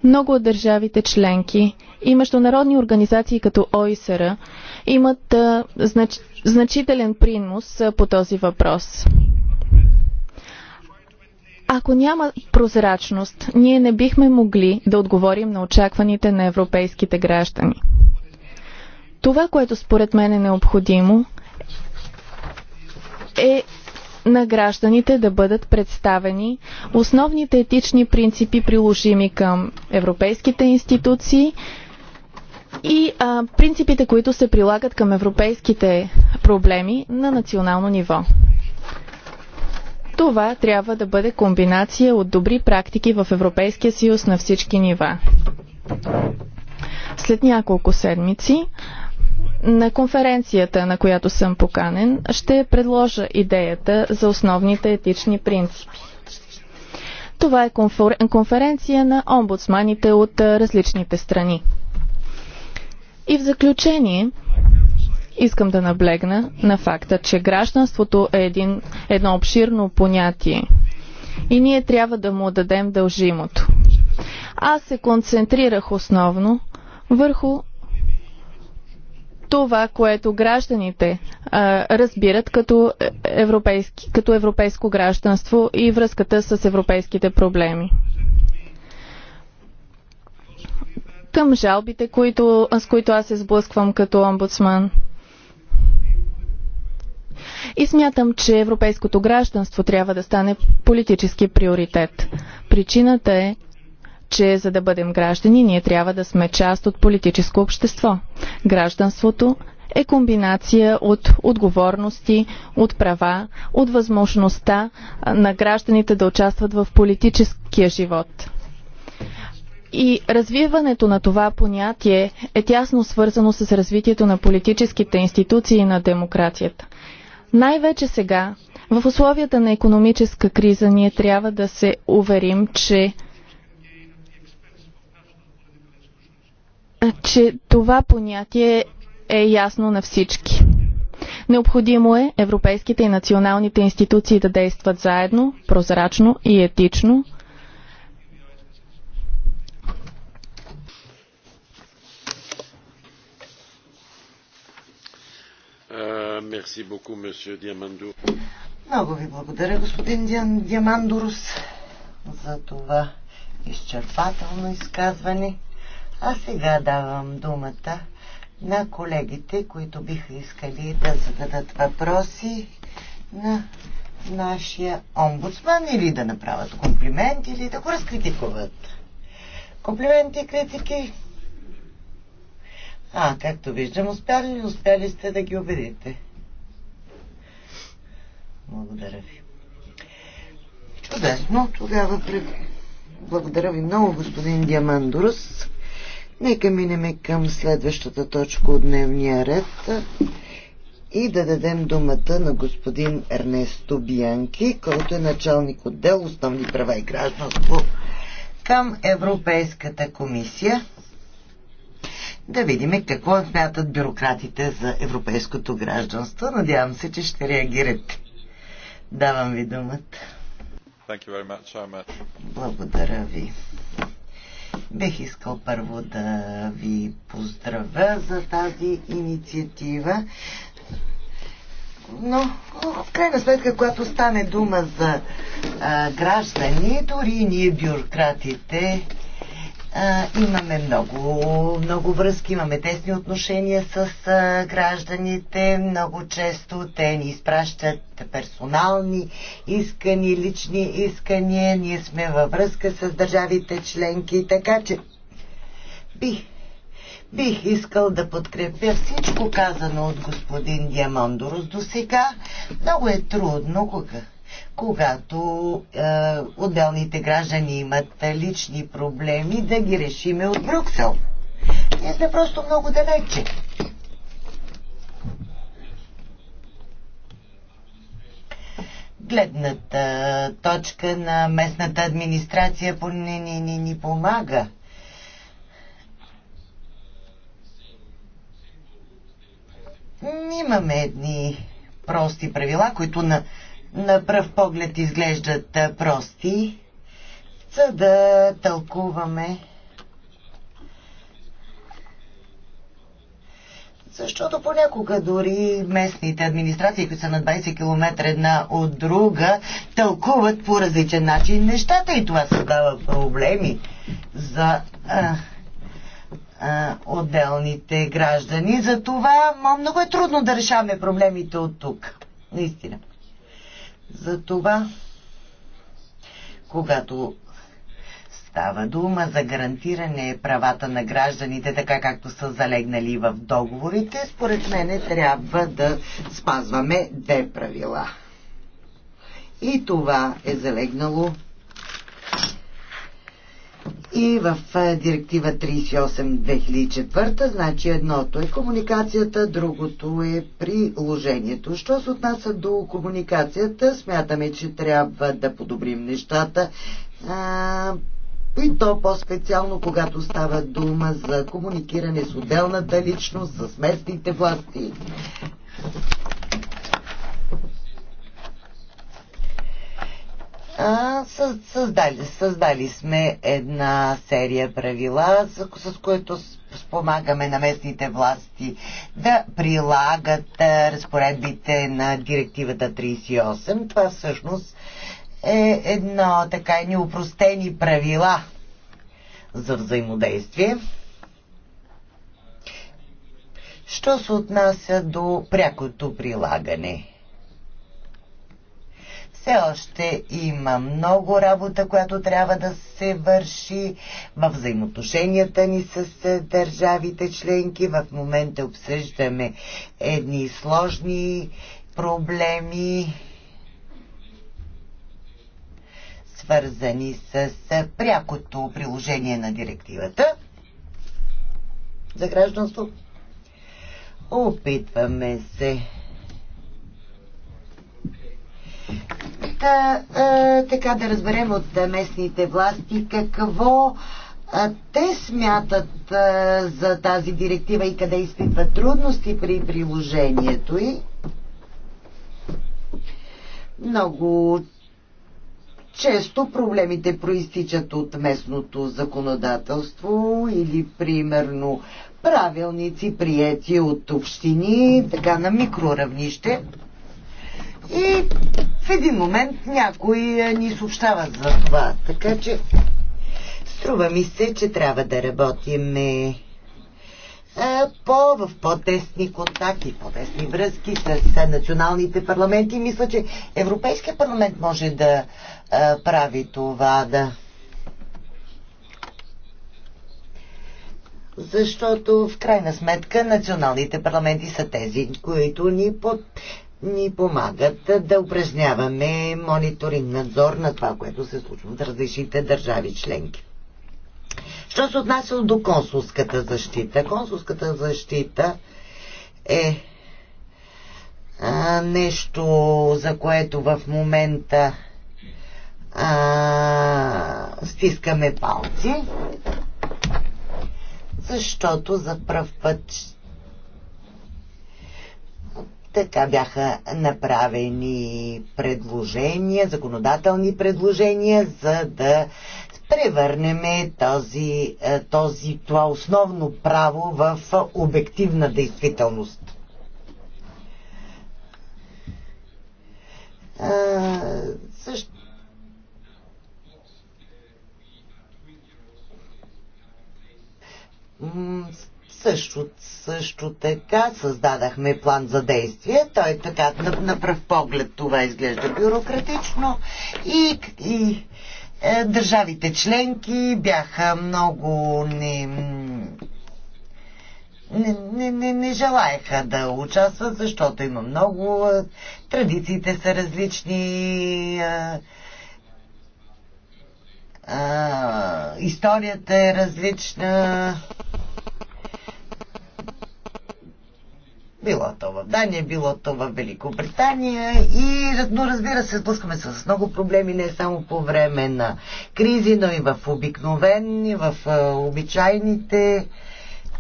много от държавите членки и международни организации като ОИСР имат а, знач, значителен принос а, по този въпрос. Ако няма прозрачност, ние не бихме могли да отговорим на очакваните на европейските граждани. Това, което според мен е необходимо, е на гражданите да бъдат представени основните етични принципи, приложими към европейските институции и а, принципите, които се прилагат към европейските проблеми на национално ниво. Това трябва да бъде комбинация от добри практики в Европейския съюз на всички нива. След няколко седмици на конференцията, на която съм поканен, ще предложа идеята за основните етични принципи. Това е конференция на омбудсманите от различните страни. И в заключение, искам да наблегна на факта, че гражданството е един, едно обширно понятие и ние трябва да му дадем дължимото. Аз се концентрирах основно върху това, което гражданите а, разбират като, е, европейски, като европейско гражданство и връзката с европейските проблеми. Към жалбите, които, с които аз се сблъсквам като омбудсман. И смятам, че европейското гражданство трябва да стане политически приоритет. Причината е, че за да бъдем граждани, ние трябва да сме част от политическо общество. Гражданството е комбинация от отговорности, от права, от възможността на гражданите да участват в политическия живот. И развиването на това понятие е тясно свързано с развитието на политическите институции и на демокрацията. Най-вече сега, в условията на економическа криза, ние трябва да се уверим, че че това понятие е ясно на всички. Необходимо е европейските и националните институции да действат заедно, прозрачно и етично. Много ви благодаря, господин Диамандурус, за това изчерпателно изказване. А сега давам думата на колегите, които биха искали да зададат въпроси на нашия омбудсман или да направят комплимент, или да го разкритикуват. Комплименти и критики. А, както виждам, успяли ли, успяли сте да ги убедите. Благодаря ви. Чудесно, тогава пред... Благодаря ви много, господин Диамандурус. Нека минем към следващата точка от дневния ред и да дадем думата на господин Ернесто Бианки, който е началник отдел Основни права и гражданство към Европейската комисия. Да видим какво смятат бюрократите за европейското гражданство. Надявам се, че ще реагирате. Давам ви думата. Благодаря ви. Бих искал първо да ви поздравя за тази инициатива. Но в крайна сметка, когато стане дума за а, граждани, дори ние бюрократите а, имаме много, много връзки, имаме тесни отношения с а, гражданите. Много често те ни изпращат персонални искани, лични искания. Ние сме във връзка с държавите членки, така че бих, бих искал да подкрепя всичко казано от господин Диамондорос до сега. Много е трудно, кога когато е, отделните граждани имат лични проблеми, да ги решиме от Брюксел. Ние сме просто много далече. гледната точка на местната администрация по не ни, ни, ни помага. Имаме едни прости правила, които на на пръв поглед изглеждат прости, за да тълкуваме. Защото понякога дори местните администрации, които са на 20 км една от друга, тълкуват по различен начин нещата и това създава проблеми за а, а, отделните граждани. Затова много е трудно да решаваме проблемите от тук. Наистина. За това, когато става дума за гарантиране правата на гражданите, така както са залегнали в договорите, според мене трябва да спазваме две правила. И това е залегнало и в е, директива 38-2004, значи едното е комуникацията, другото е приложението. Що се отнася до комуникацията, смятаме, че трябва да подобрим нещата. и то по-специално, когато става дума за комуникиране с отделната личност, с местните власти. а, създали, създали сме една серия правила, с, с които спомагаме на местните власти да прилагат а, разпоредбите на директивата 38. Това всъщност е едно така неупростени правила за взаимодействие. Що се отнася до прякото прилагане? Все още има много работа, която трябва да се върши в взаимоотношенията ни с държавите членки. В момента обсъждаме едни сложни проблеми, свързани с прякото приложение на директивата за гражданство. Опитваме се така, така да разберем от местните власти какво те смятат за тази директива и къде изпитват трудности при приложението й. Много често проблемите проистичат от местното законодателство или примерно правилници, приети от общини, така на микроравнище. И в един момент някой е, ни съобщава за това. Така че струва ми се, че трябва да работим е, е, по, в по-тесни контакти, по-тесни връзки с националните парламенти. Мисля, че Европейския парламент може да е, прави това, да. Защото в крайна сметка националните парламенти са тези, които ни под, ни помагат да упражняваме мониторинг, надзор на това, което се случва в различните държави членки. Що се отнася до консулската защита? Консулската защита е а, нещо, за което в момента а, стискаме палци, защото за първ път така бяха направени предложения, законодателни предложения, за да превърнем този, е, този, това основно право в обективна действителност. А, също също, също така създадахме план за действие. Той е така на, на пръв поглед това изглежда бюрократично и, и е, държавите членки бяха много не, не, не, не, не желаяха да участват, защото има много. Е, традициите са различни. Е, а, е, историята е различна. Било то в Дания, било то в Великобритания и, но разбира се, спускаме се с много проблеми, не само по време на кризи, но и в обикновени, в обичайните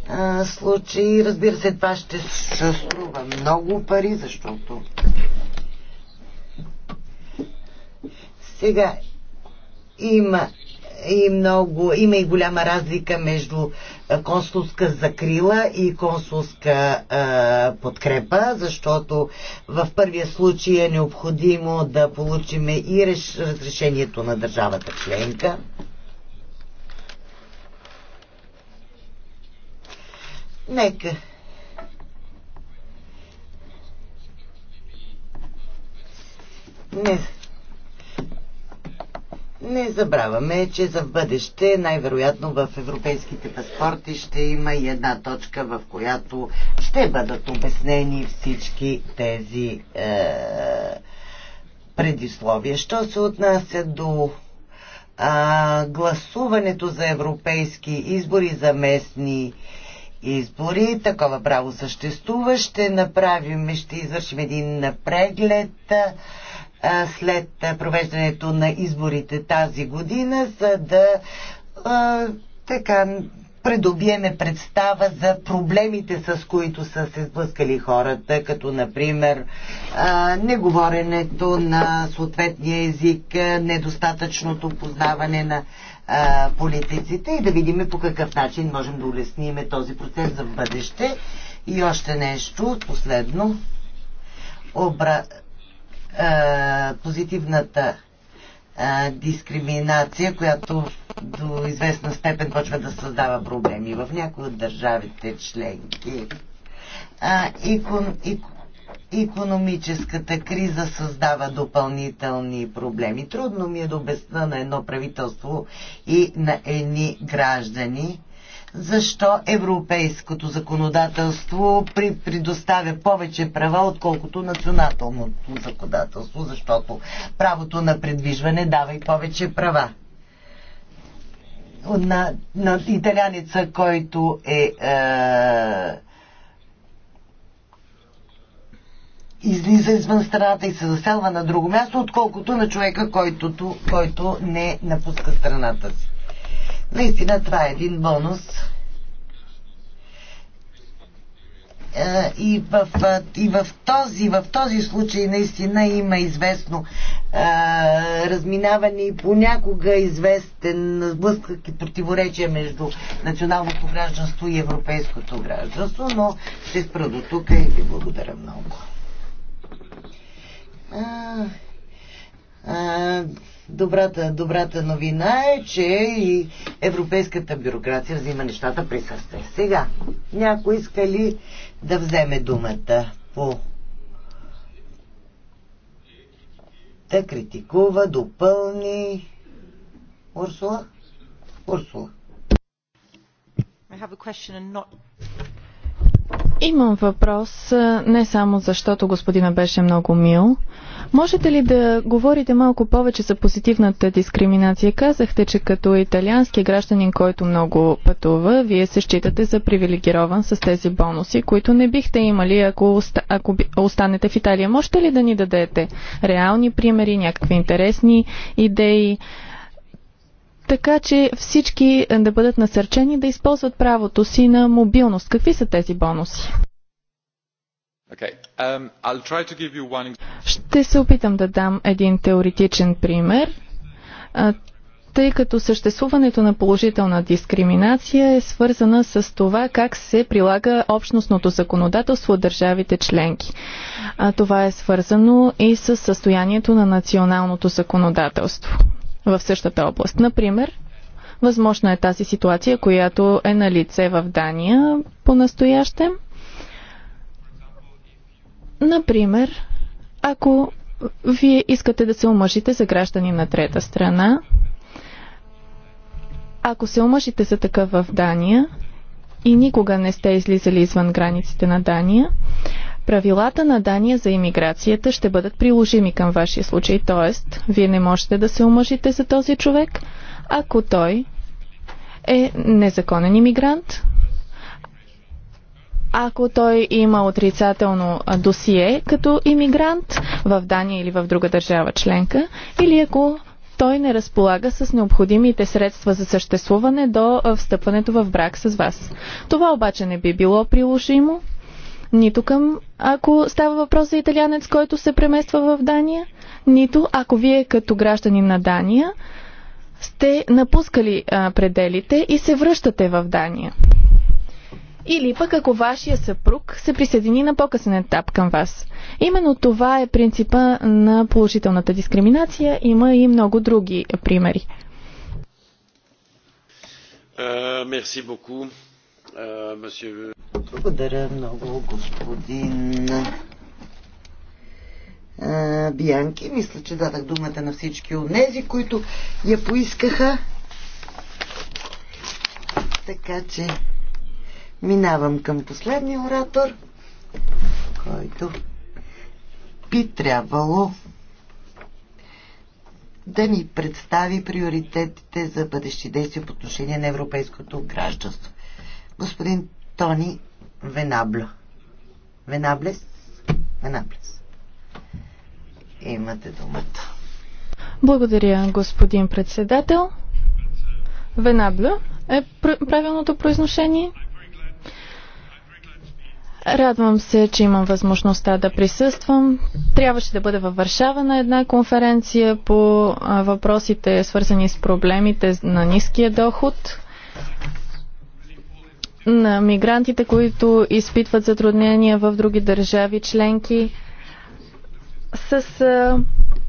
а, случаи. Разбира се, това ще се струва много пари, защото сега има и много, има и голяма разлика между консулска закрила и консулска а, подкрепа, защото в първия случай е необходимо да получиме и реш, разрешението на държавата членка. Нека. Не не забравяме, че за в бъдеще най-вероятно в европейските паспорти ще има и една точка, в която ще бъдат обяснени всички тези е, предисловия. Що се отнася до е, гласуването за европейски избори, за местни избори, такова право съществува, ще направим, ще извършим един преглед след провеждането на изборите тази година, за да така предобиеме представа за проблемите, с които са се сблъскали хората, като например неговоренето на съответния език, недостатъчното познаване на политиците и да видим по какъв начин можем да улесниме този процес за бъдеще. И още нещо, последно. Обра... Е, позитивната е, дискриминация, която до известна степен почва да създава проблеми в някои от държавите членки. А, икон, ик, економическата криза създава допълнителни проблеми. Трудно ми е да обясна на едно правителство и на едни граждани, защо европейското законодателство при, предоставя повече права, отколкото националното законодателство, защото правото на предвижване дава и повече права. На, на италянеца, който е, е излиза извън страната и се заселва на друго място, отколкото на човека, който, който не напуска страната си. Наистина това е един бонус. Е, и в, и в, този, в този случай наистина има известно а, разминаване и понякога известен сблъскък и противоречие между националното гражданство и европейското гражданство, но ще спра до тук и ви благодаря много. А, а, Добрата, добрата новина е, че и европейската бюрокрация взима нещата при сърце. Сега, някой иска ли да вземе думата по да критикува, допълни Урсула? Урсула. I have a question and not Имам въпрос не само защото господина беше много мил. Можете ли да говорите малко повече за позитивната дискриминация? Казахте, че като италиански гражданин, който много пътува, вие се считате за привилегирован с тези бонуси, които не бихте имали, ако, оста... ако останете в Италия. Можете ли да ни дадете реални примери, някакви интересни идеи? така че всички е, да бъдат насърчени да използват правото си на мобилност. Какви са тези бонуси? Okay. Um, one... Ще се опитам да дам един теоретичен пример, тъй като съществуването на положителна дискриминация е свързана с това как се прилага общностното законодателство от държавите членки. Това е свързано и с състоянието на националното законодателство в същата област. Например, възможна е тази ситуация, която е на лице в Дания по-настоящем. Например, ако вие искате да се омъжите за граждани на трета страна, ако се омъжите за такъв в Дания и никога не сте излизали извън границите на Дания, Правилата на Дания за иммиграцията ще бъдат приложими към вашия случай, т.е. вие не можете да се омъжите за този човек, ако той е незаконен иммигрант, ако той има отрицателно досие като иммигрант в Дания или в друга държава членка, или ако той не разполага с необходимите средства за съществуване до встъпването в брак с вас. Това обаче не би било приложимо нито към ако става въпрос за италянец, който се премества в Дания, нито ако вие като граждани на Дания сте напускали а, пределите и се връщате в Дания. Или пък ако вашия съпруг се присъедини на по-късен етап към вас. Именно това е принципа на положителната дискриминация. Има и много други примери. Uh, Euh, Благодаря много, господин Бианки. Мисля, че дадах думата на всички от нези, които я поискаха. Така че минавам към последния оратор, който би трябвало да ни представи приоритетите за бъдещи действия по отношение на европейското гражданство господин Тони Венабло. Венаблес? Венаблес. Имате думата. Благодаря, господин председател. Венабло е правилното произношение. Радвам се, че имам възможността да присъствам. Трябваше да бъда във Варшава на една конференция по въпросите, свързани с проблемите на ниския доход на мигрантите, които изпитват затруднения в други държави членки с а,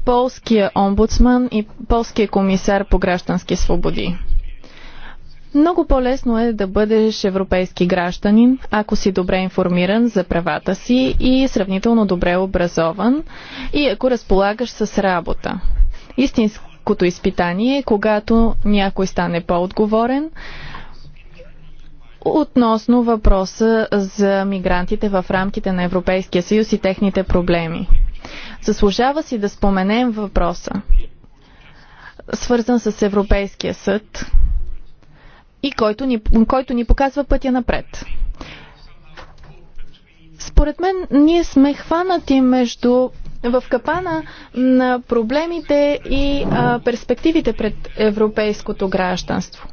полския омбудсман и полския комисар по граждански свободи. Много по-лесно е да бъдеш европейски гражданин, ако си добре информиран за правата си и сравнително добре образован и ако разполагаш с работа. Истинското изпитание е когато някой стане по-отговорен, относно въпроса за мигрантите в рамките на Европейския съюз и техните проблеми. Заслужава си да споменем въпроса, свързан с Европейския съд и който ни, който ни показва пътя напред. Според мен ние сме хванати между в капана на проблемите и а, перспективите пред европейското гражданство.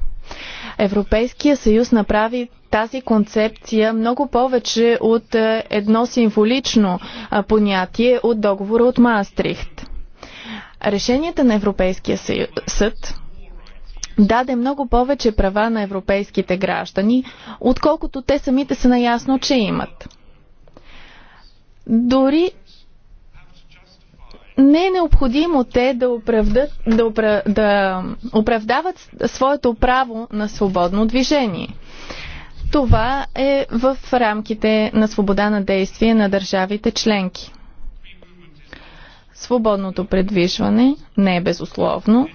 Европейския съюз направи тази концепция много повече от е, едно символично е, понятие от договора от Маастрихт. Решенията на Европейския съд даде много повече права на европейските граждани, отколкото те самите са наясно, че имат. Дори не е необходимо те да, оправдат, да, опра, да оправдават своето право на свободно движение. Това е в рамките на свобода на действие на държавите членки. Свободното предвижване не е безусловно.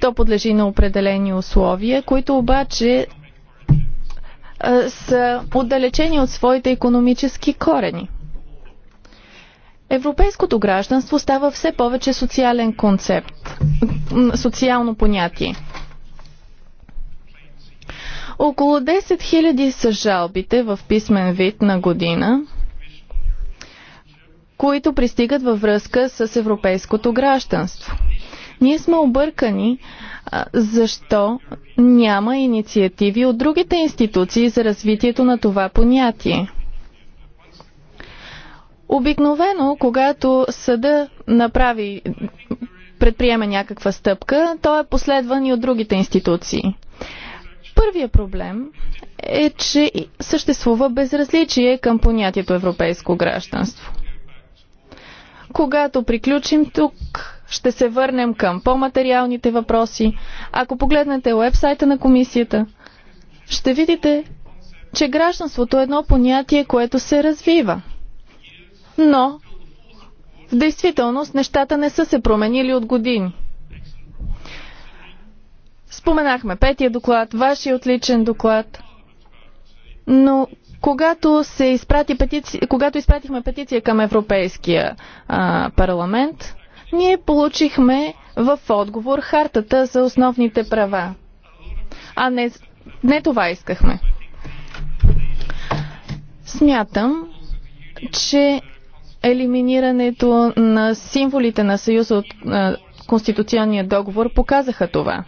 То подлежи на определени условия, които обаче са отдалечени от своите економически корени. Европейското гражданство става все повече социален концепт, социално понятие. Около 10 000 са жалбите в писмен вид на година, които пристигат във връзка с европейското гражданство. Ние сме объркани защо няма инициативи от другите институции за развитието на това понятие. Обикновено, когато съда направи, предприеме някаква стъпка, то е последван и от другите институции. Първия проблем е, че съществува безразличие към понятието европейско гражданство. Когато приключим тук, ще се върнем към по-материалните въпроси. Ако погледнете уебсайта на комисията, ще видите, че гражданството е едно понятие, което се развива но в действителност нещата не са се променили от години. Споменахме петия доклад, вашия отличен доклад, но когато, се изпрати петиция, когато изпратихме петиция към Европейския а, парламент, ние получихме в отговор хартата за основните права. А не, не това искахме. Смятам, че Елиминирането на символите на Съюза от Конституционния договор показаха това.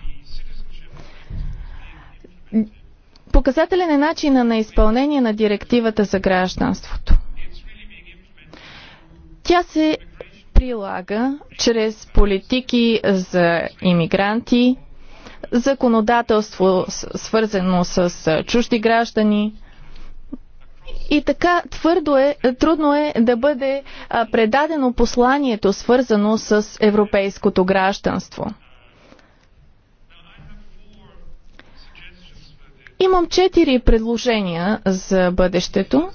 Показателен е начина на изпълнение на директивата за гражданството. Тя се прилага чрез политики за иммигранти, законодателство свързано с чужди граждани, и така твърдо е, трудно е да бъде предадено посланието, свързано с европейското гражданство. Имам четири предложения за бъдещето.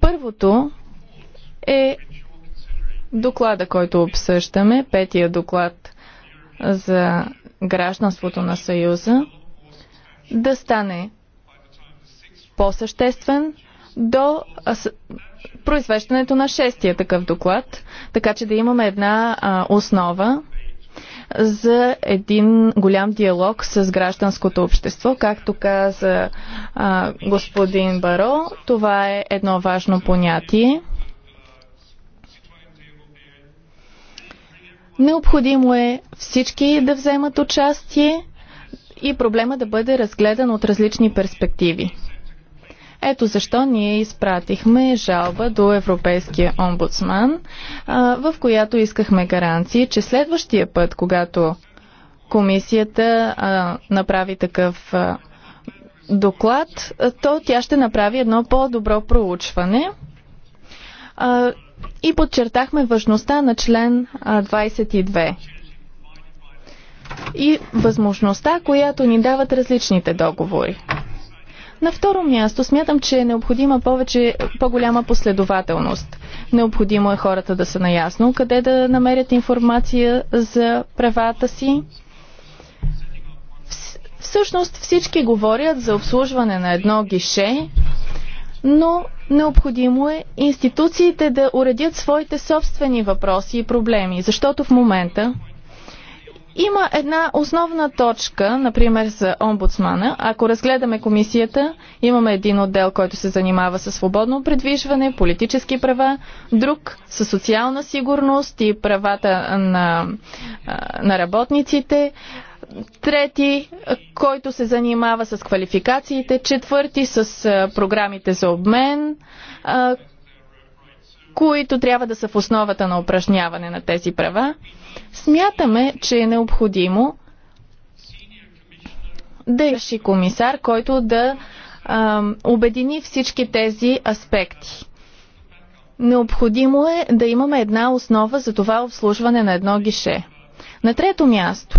Първото е доклада, който обсъждаме, петия доклад за гражданството на Съюза, да стане по-съществен до произвеждането на шестия такъв доклад, така че да имаме една а, основа за един голям диалог с гражданското общество. Както каза а, господин Баро, това е едно важно понятие. Необходимо е всички да вземат участие и проблема да бъде разгледан от различни перспективи. Ето защо ние изпратихме жалба до Европейския омбудсман, в която искахме гаранции, че следващия път, когато комисията направи такъв доклад, то тя ще направи едно по-добро проучване. И подчертахме важността на член 22 и възможността, която ни дават различните договори. На второ място, смятам, че е необходима повече, по-голяма последователност. Необходимо е хората да са наясно къде да намерят информация за правата си. Всъщност всички говорят за обслужване на едно гише, но необходимо е институциите да уредят своите собствени въпроси и проблеми, защото в момента има една основна точка, например за омбудсмана. Ако разгледаме комисията, имаме един отдел, който се занимава с свободно предвижване, политически права, друг с социална сигурност и правата на, на работниците, трети, който се занимава с квалификациите, четвърти с програмите за обмен, които трябва да са в основата на упражняване на тези права, смятаме, че е необходимо да реши комисар, който да а, обедини всички тези аспекти. Необходимо е да имаме една основа за това обслужване на едно гише. На трето място.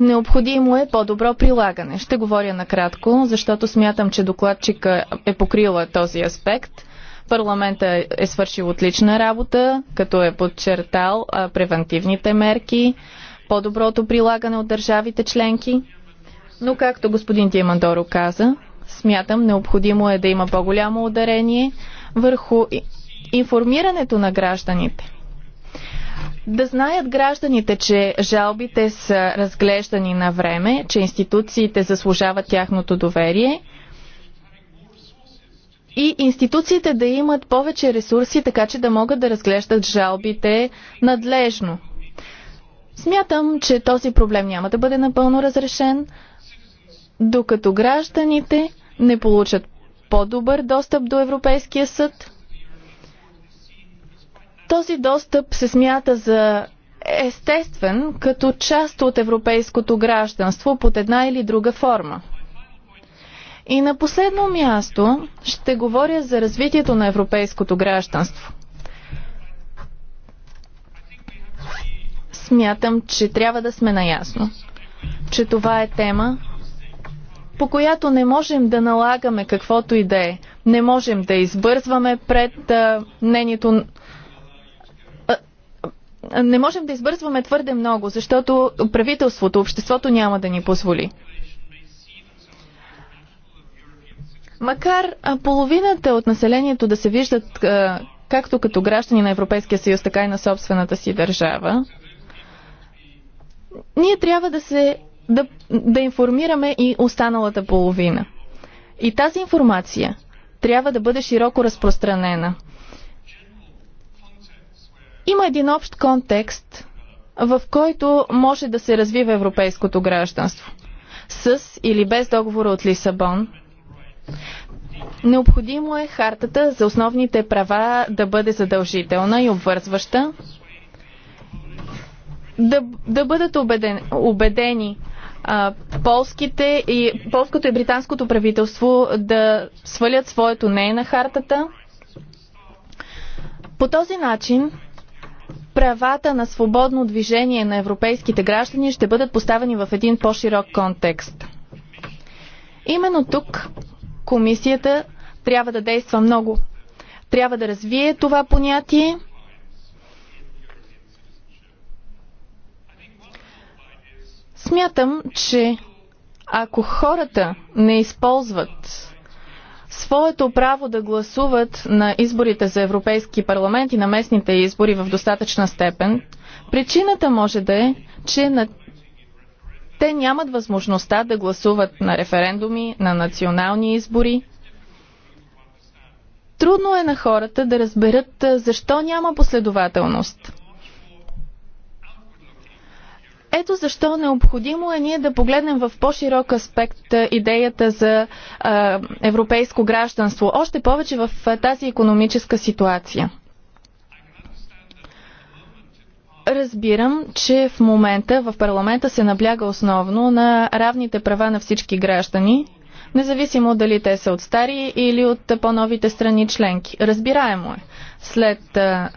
Необходимо е по-добро прилагане. Ще говоря накратко, защото смятам, че докладчика е покрила този аспект. Парламента е свършил отлична работа, като е подчертал превентивните мерки, по-доброто прилагане от държавите членки. Но както господин Диамандоро каза, смятам необходимо е да има по-голямо ударение върху информирането на гражданите. Да знаят гражданите, че жалбите са разглеждани на време, че институциите заслужават тяхното доверие – и институциите да имат повече ресурси, така че да могат да разглеждат жалбите надлежно. Смятам, че този проблем няма да бъде напълно разрешен, докато гражданите не получат по-добър достъп до Европейския съд. Този достъп се смята за естествен като част от европейското гражданство под една или друга форма. И на последно място ще говоря за развитието на европейското гражданство. Смятам, че трябва да сме наясно, че това е тема, по която не можем да налагаме каквото и да е. Не можем да избързваме пред а, мнението. А, не можем да избързваме твърде много, защото правителството, обществото няма да ни позволи. Макар половината от населението да се виждат както като граждани на Европейския съюз, така и на собствената си държава, ние трябва да се да, да информираме и останалата половина. И тази информация трябва да бъде широко разпространена. Има един общ контекст, в който може да се развива европейското гражданство. С или без договора от Лисабон – Необходимо е хартата за основните права да бъде задължителна и обвързваща, да, да бъдат убеден, убедени а, полските и, полското и британското правителство да свалят своето не на хартата. По този начин правата на свободно движение на европейските граждани ще бъдат поставени в един по-широк контекст. Именно тук комисията трябва да действа много. Трябва да развие това понятие. Смятам, че ако хората не използват своето право да гласуват на изборите за Европейски парламент и на местните избори в достатъчна степен, причината може да е, че на те нямат възможността да гласуват на референдуми, на национални избори. Трудно е на хората да разберат защо няма последователност. Ето защо необходимо е ние да погледнем в по-широк аспект идеята за а, европейско гражданство, още повече в тази економическа ситуация. Разбирам, че в момента в парламента се набляга основно на равните права на всички граждани, независимо дали те са от стари или от по-новите страни членки. Разбираемо е след а,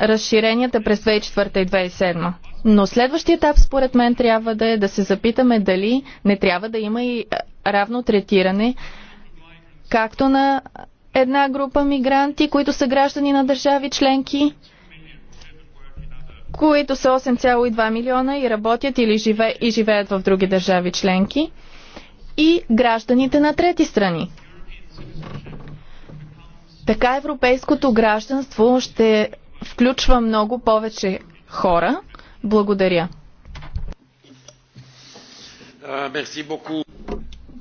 разширенията през 2004 и 2007. Но следващия етап, според мен, трябва да е да се запитаме дали не трябва да има и равно третиране, както на една група мигранти, които са граждани на държави членки, които са 8,2 милиона и работят или живе, и живеят в други държави членки, и гражданите на трети страни. Така европейското гражданство ще включва много повече хора. Благодаря.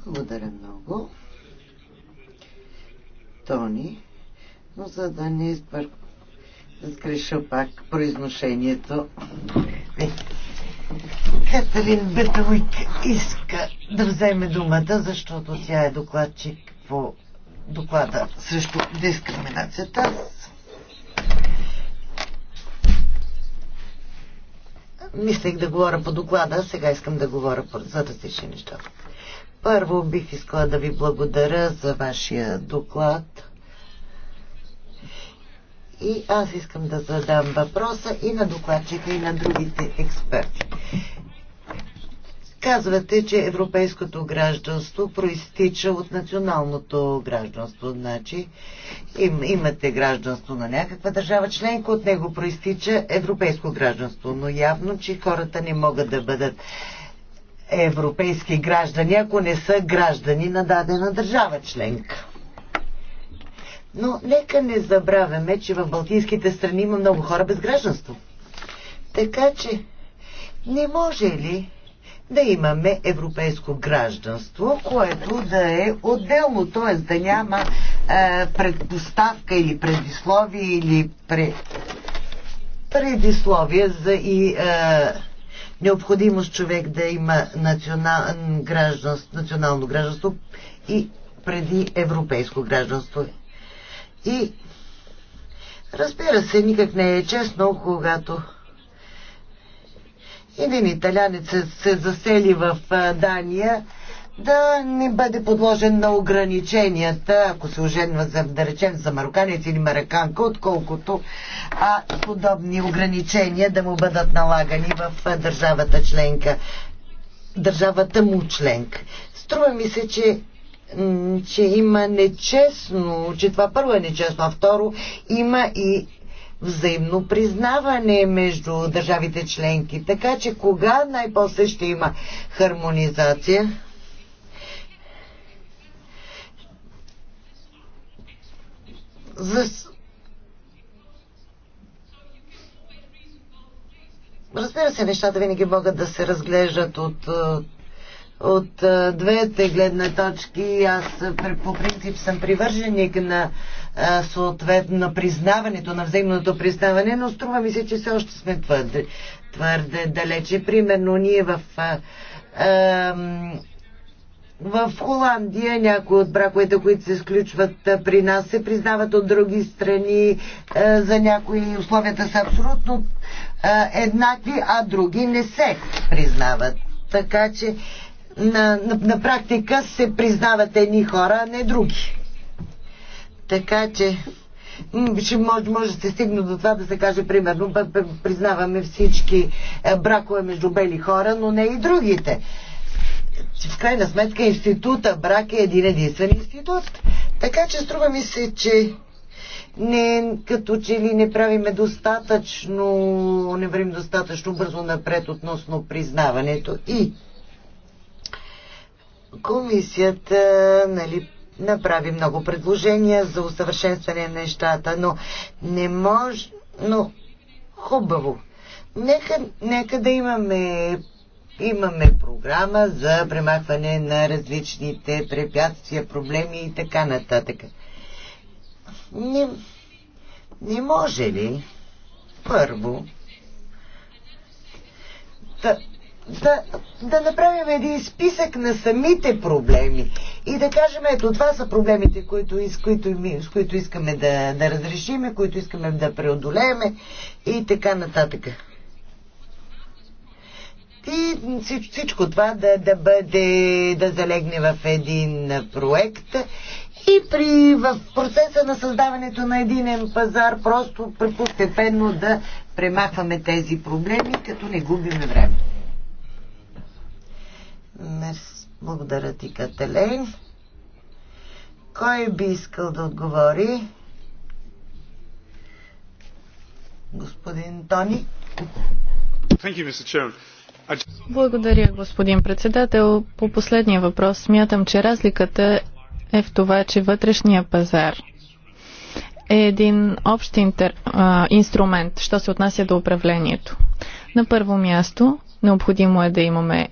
Благодаря много. Тони, но за да не избърк сгреша пак произношението. Е. Катарин Бетовик иска да вземе думата, защото тя е докладчик по доклада срещу дискриминацията. мислех да говоря по доклада, сега искам да говоря за различни неща. Първо бих искала да ви благодаря за вашия доклад и аз искам да задам въпроса и на докладчика, и на другите експерти. Казвате, че европейското гражданство проистича от националното гражданство. Значи им, имате гражданство на някаква държава членка, от него проистича европейско гражданство. Но явно, че хората не могат да бъдат европейски граждани, ако не са граждани на дадена държава членка. Но нека не забравяме, че в Балтийските страни има много хора без гражданство. Така че не може ли да имаме европейско гражданство, което да е отделно, т.е. да няма е, предпоставка или предисловие или предисловие за и е, необходимост човек да има национал, гражданство, национално гражданство и преди европейско гражданство. И разбира се, никак не е честно, когато един италянец се, се засели в Дания, да не бъде подложен на ограниченията, ако се оженва, за, да речем, за мароканец или мараканка, отколкото а, подобни ограничения да му бъдат налагани в държавата членка, държавата му членка. Струва ми се, че че има нечестно, че това първо е нечестно, а второ има и взаимно признаване между държавите членки. Така че кога най-после ще има хармонизация? За... Разбира се, нещата винаги могат да се разглеждат от от а, двете гледна точки. Аз по принцип съм привърженик на съответно на признаването, на взаимното признаване, но струва ми се, че все още сме твърде, твърде далече. Примерно ние в а, а, в Холандия някои от браковете, които се сключват при нас, се признават от други страни. За някои условията са абсолютно еднакви, а други не се признават. Така че на, на, на практика се признават едни хора, а не други. Така че ще може, може да се стигне до това да се каже, примерно, признаваме всички е, бракове между бели хора, но не и другите. В крайна сметка института брак е един единствен институт. Така че струва ми се, че не, като че ли не правиме достатъчно, не вървим достатъчно бързо напред относно признаването. И Комисията нали, направи много предложения за усъвършенстване на нещата, но не може... Но хубаво. Нека, нека да имаме имаме програма за премахване на различните препятствия, проблеми и така нататък. Не, не може ли първо да, да, да направим един списък на самите проблеми и да кажем, ето това са проблемите, които, с, които, с които искаме да, да разрешиме, които искаме да преодолееме и така нататък. И всичко това да, да бъде, да залегне в един проект и при, в процеса на създаването на единен пазар просто постепенно да премахваме тези проблеми, като не губиме време. Мерс. Благодаря ти, Кателейн. Кой би искал да отговори? Господин Тони. Благодаря, господин председател. По последния въпрос смятам, че разликата е в това, че вътрешния пазар е един общ интер, а, инструмент, що се отнася до управлението. На първо място, необходимо е да имаме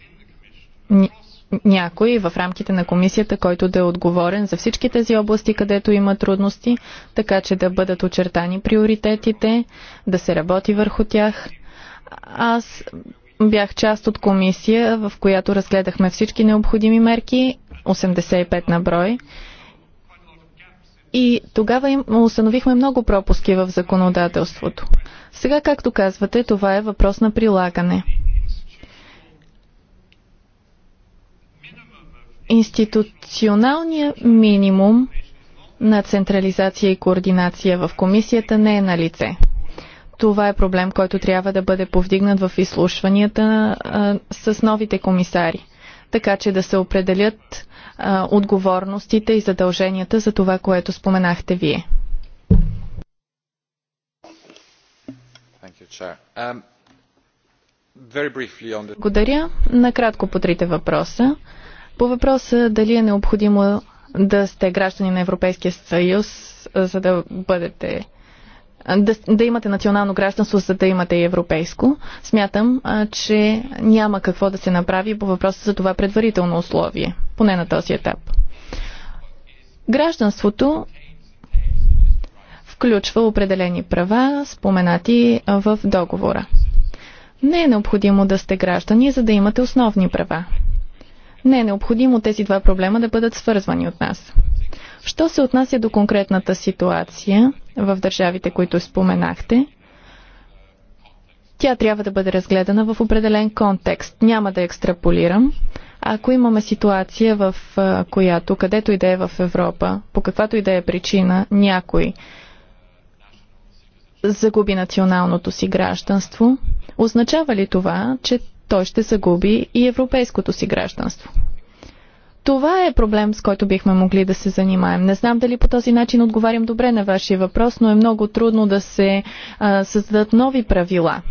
някой в рамките на комисията, който да е отговорен за всички тези области, където има трудности, така че да бъдат очертани приоритетите, да се работи върху тях. Аз бях част от комисия, в която разгледахме всички необходими мерки, 85 на брой. И тогава им установихме много пропуски в законодателството. Сега, както казвате, това е въпрос на прилагане. институционалния минимум на централизация и координация в комисията не е на лице. Това е проблем, който трябва да бъде повдигнат в изслушванията а, с новите комисари, така че да се определят а, отговорностите и задълженията за това, което споменахте вие. Um, Благодаря. Накратко по трите въпроса. По въпроса дали е необходимо да сте граждани на Европейския съюз, за да бъдете да, да имате национално гражданство, за да имате и европейско. Смятам, а, че няма какво да се направи по въпроса за това предварително условие, поне на този етап. Гражданството включва определени права, споменати в договора. Не е необходимо да сте граждани, за да имате основни права. Не е необходимо тези два проблема да бъдат свързвани от нас. Що се отнася до конкретната ситуация в държавите, които споменахте, тя трябва да бъде разгледана в определен контекст. Няма да екстраполирам. Ако имаме ситуация, в която, където и да е в Европа, по каквато и да е причина, някой загуби националното си гражданство, означава ли това, че той ще загуби и европейското си гражданство. Това е проблем, с който бихме могли да се занимаем. Не знам дали по този начин отговарям добре на вашия въпрос, но е много трудно да се а, създадат нови правила.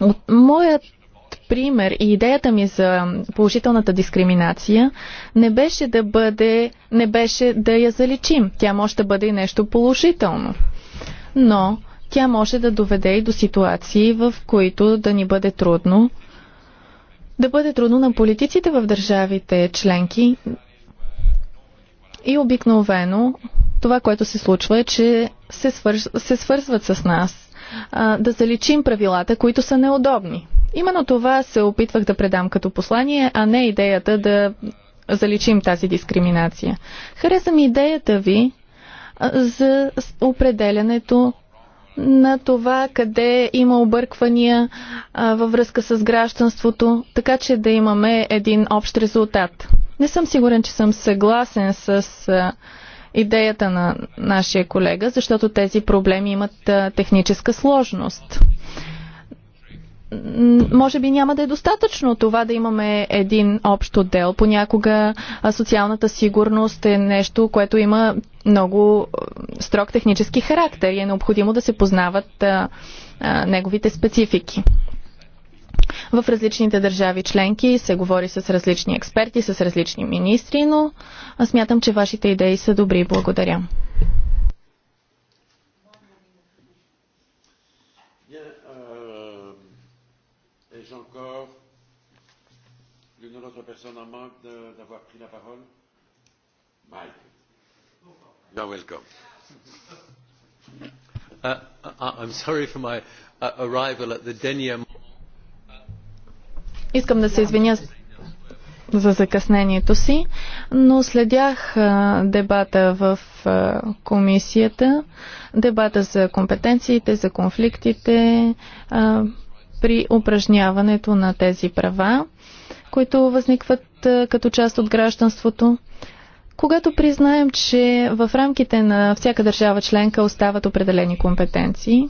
От моят пример и идеята ми за положителната дискриминация не беше да бъде, не беше да я заличим. Тя може да бъде и нещо положително. Но тя може да доведе и до ситуации, в които да ни бъде трудно да бъде трудно на политиците в държавите членки и обикновено това, което се случва е, че се, свърз, се свързват с нас а, да заличим правилата, които са неудобни. Именно това се опитвах да предам като послание, а не идеята да заличим тази дискриминация. Хареса ми идеята ви за определянето на това къде има обърквания а, във връзка с гражданството, така че да имаме един общ резултат. Не съм сигурен, че съм съгласен с а, идеята на нашия колега, защото тези проблеми имат а, техническа сложност може би няма да е достатъчно това да имаме един общ отдел. Понякога социалната сигурност е нещо, което има много строг технически характер и е необходимо да се познават а, а, неговите специфики. В различните държави членки се говори с различни експерти, с различни министри, но смятам, че вашите идеи са добри. Благодаря. d'autres personnes en manque d'avoir pris la parole Mike. You welcome. Uh, uh, uh, I'm sorry for my uh, arrival at the Denia. Uh, Искам да се извиня за закъснението си, но следях дебата в комисията, дебата за компетенциите, за конфликтите при упражняването на тези права които възникват като част от гражданството. Когато признаем, че в рамките на всяка държава членка остават определени компетенции,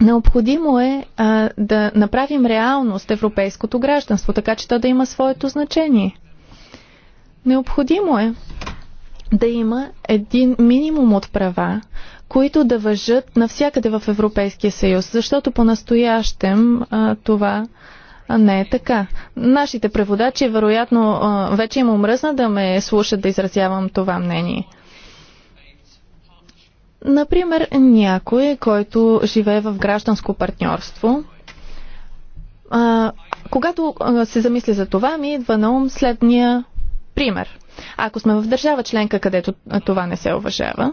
Необходимо е а, да направим реалност европейското гражданство, така че то да има своето значение. Необходимо е да има един минимум от права, които да въжат навсякъде в Европейския съюз, защото по-настоящем това не е така. Нашите преводачи, вероятно, вече им омръзна да ме слушат да изразявам това мнение. Например, някой, който живее в гражданско партньорство, а, когато а, се замисли за това, ми идва на ум следния пример. Ако сме в държава членка, където това не се уважава,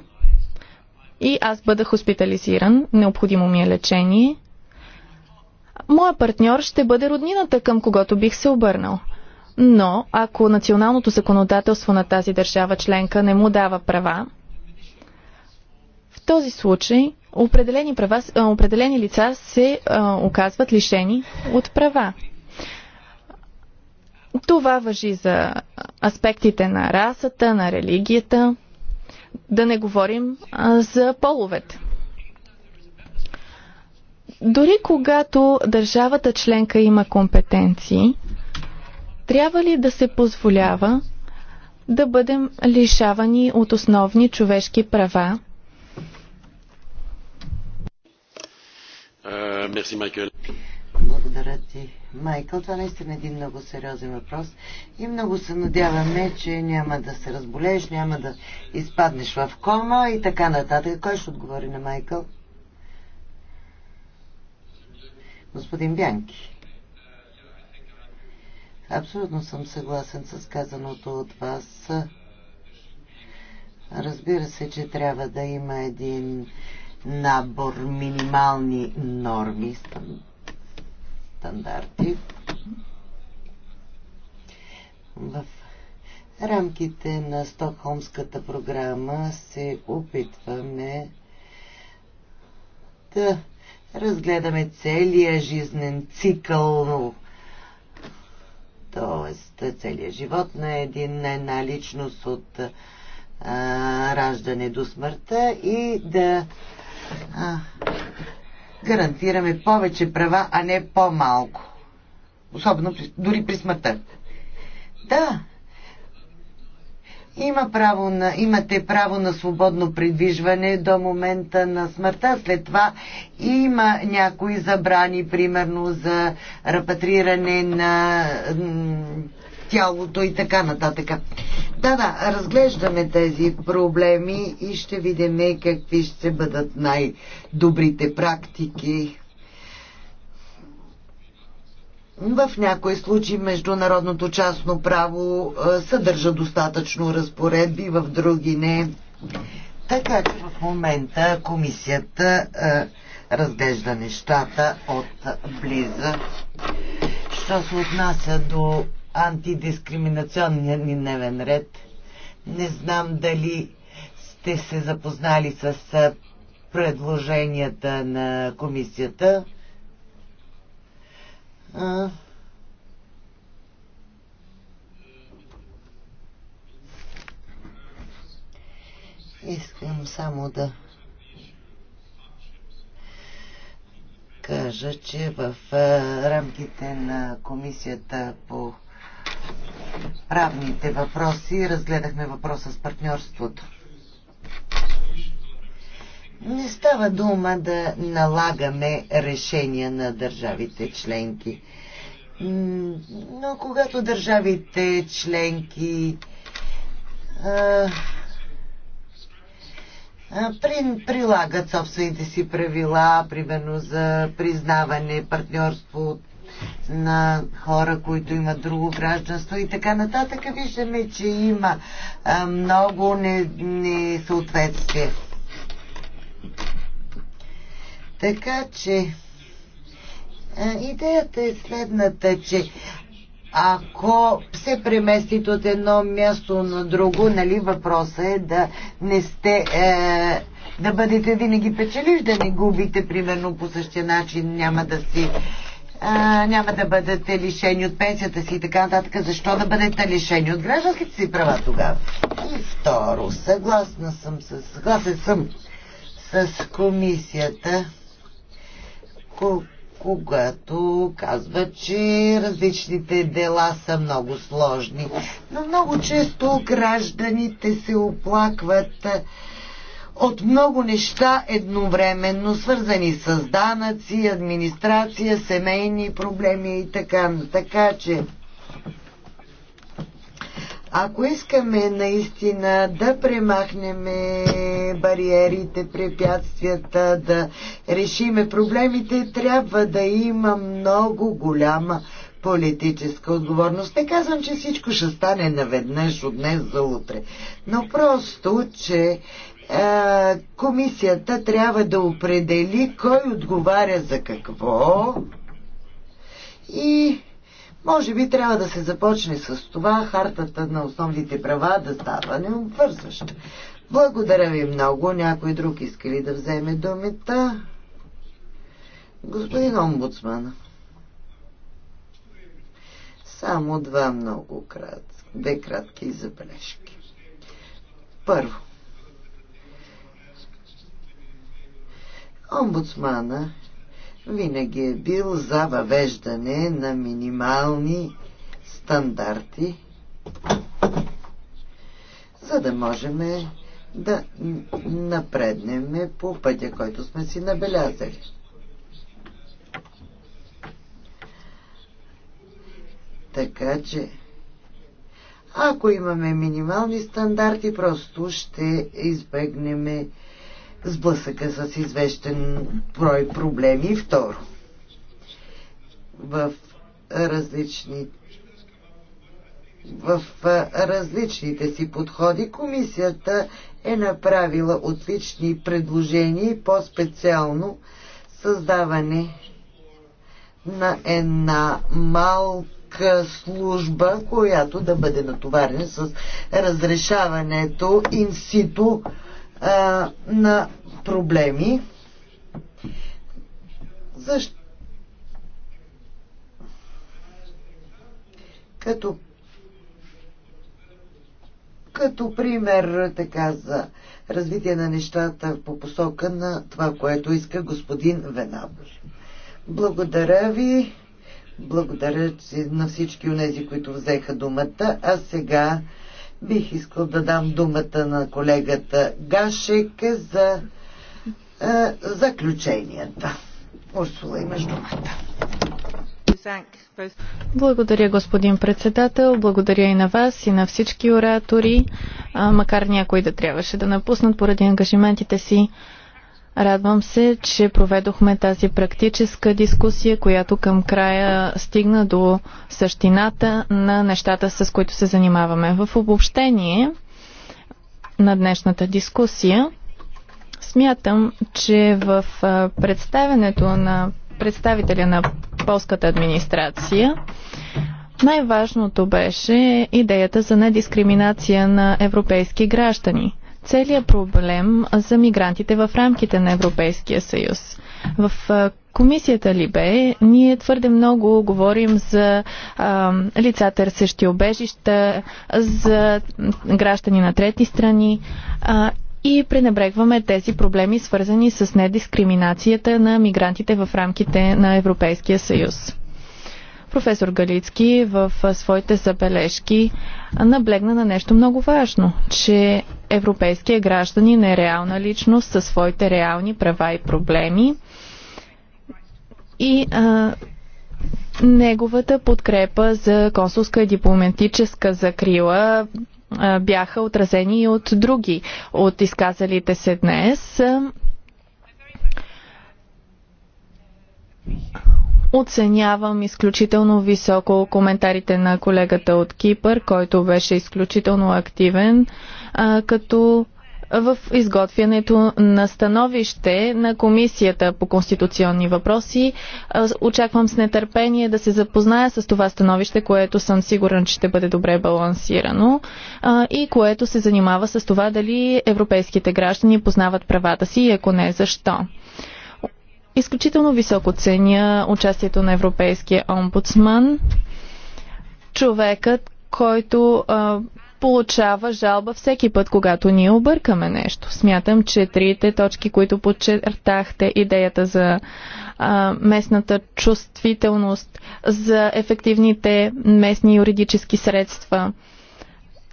и аз бъда хоспитализиран, необходимо ми е лечение, моя партньор ще бъде роднината, към когото бих се обърнал. Но ако националното законодателство на тази държава членка не му дава права, в този случай определени, права, определени лица се а, оказват лишени от права. Това въжи за аспектите на расата, на религията, да не говорим а, за половете. Дори когато държавата членка има компетенции, трябва ли да се позволява да бъдем лишавани от основни човешки права? Е, мерси, Майкъл. Благодаря ти, Майкъл. Това наистина е един много сериозен въпрос и много се надяваме, че няма да се разболееш, няма да изпаднеш в кома и така нататък. Кой ще отговори на Майкъл? Господин Бянки. Абсолютно съм съгласен с казаното от вас. Разбира се, че трябва да има един набор минимални норми, стандарти. В рамките на Стокхолмската програма се опитваме да разгледаме целия жизнен цикъл, т.е. целият живот на един, една личност от а, раждане до смъртта и да а, гарантираме повече права, а не по-малко. Особено при, дори при смъртта. Да, има право на, имате право на свободно придвижване до момента на смъртта. След това има някои забрани, примерно за репатриране на тялото и така нататък. Да, да, разглеждаме тези проблеми и ще видим какви ще бъдат най-добрите практики. В някои случаи международното частно право съдържа достатъчно разпоредби, в други не. Така че в момента комисията разглежда нещата от близа. Що се отнася до антидискриминационния ни дневен ред, не знам дали сте се запознали с предложенията на комисията. А, искам само да кажа, че в рамките на комисията по правните въпроси разгледахме въпроса с партньорството. Не става дума да налагаме решения на държавите членки. Но когато държавите членки а, при, прилагат собствените си правила, примерно за признаване, партньорство на хора, които имат друго гражданство и така нататък, виждаме, че има а, много несъответствие. Не така че идеята е следната, че ако се преместите от едно място на друго, нали въпросът е да не сте, е, да бъдете винаги печелиш, да не губите, примерно по същия начин няма да си а, няма да бъдете лишени от пенсията си и така нататък. Защо да бъдете лишени от гражданските си права тогава? И второ, съгласна съм, съгласен съм с комисията, когато казва, че различните дела са много сложни. Но много често гражданите се оплакват от много неща едновременно, свързани с данъци, администрация, семейни проблеми и така. Така че ако искаме наистина да премахнем бариерите, препятствията, да решиме проблемите, трябва да има много голяма политическа отговорност. Не казвам, че всичко ще стане наведнъж от днес за утре, но просто, че е, комисията трябва да определи кой отговаря за какво и може би трябва да се започне с това хартата на основните права да става необвързваща. Благодаря ви много. Някой друг иска ли да вземе думата? Господин омбудсман. Само два много кратки, две кратки забележки. Първо. Омбудсмана винаги е бил за въвеждане на минимални стандарти, за да можем да напреднем по пътя, който сме си набелязали. Така че, ако имаме минимални стандарти, просто ще избегнем сблъсъка с известен брой проблеми. Второ, в различни в различните си подходи комисията е направила отлични предложения и по-специално създаване на една малка служба, която да бъде натоварена с разрешаването инсито а, на проблеми. Защо? Като като пример така за развитие на нещата по посока на това, което иска господин Венабор. Благодаря ви. Благодаря на всички от тези, които взеха думата. А сега Бих искал да дам думата на колегата Гашек за е, заключенията. Урсула, имаш думата. Благодаря, господин председател. Благодаря и на вас, и на всички оратори, макар някои да трябваше да напуснат поради ангажиментите си. Радвам се, че проведохме тази практическа дискусия, която към края стигна до същината на нещата, с които се занимаваме. В обобщение на днешната дискусия смятам, че в представенето на представителя на полската администрация най-важното беше идеята за недискриминация на европейски граждани – целият проблем за мигрантите в рамките на Европейския съюз. В комисията Либе ние твърде много говорим за а, лица търсещи обежища, за граждани на трети страни а, и пренебрегваме тези проблеми, свързани с недискриминацията на мигрантите в рамките на Европейския съюз. Професор Галицки в своите забележки наблегна на нещо много важно, че европейският гражданин е реална личност със своите реални права и проблеми и а, неговата подкрепа за консулска и дипломатическа закрила а, бяха отразени и от други от изказалите се днес. Оценявам изключително високо коментарите на колегата от Кипър, който беше изключително активен, а, като в изготвянето на становище на Комисията по конституционни въпроси. Очаквам с нетърпение да се запозная с това становище, което съм сигурен, че ще бъде добре балансирано и което се занимава с това дали европейските граждани познават правата си и ако не, защо. Изключително високо ценя участието на Европейския омбудсман, човекът, който а, получава жалба всеки път, когато ние объркаме нещо. Смятам, че трите точки, които подчертахте, идеята за а, местната чувствителност, за ефективните местни юридически средства,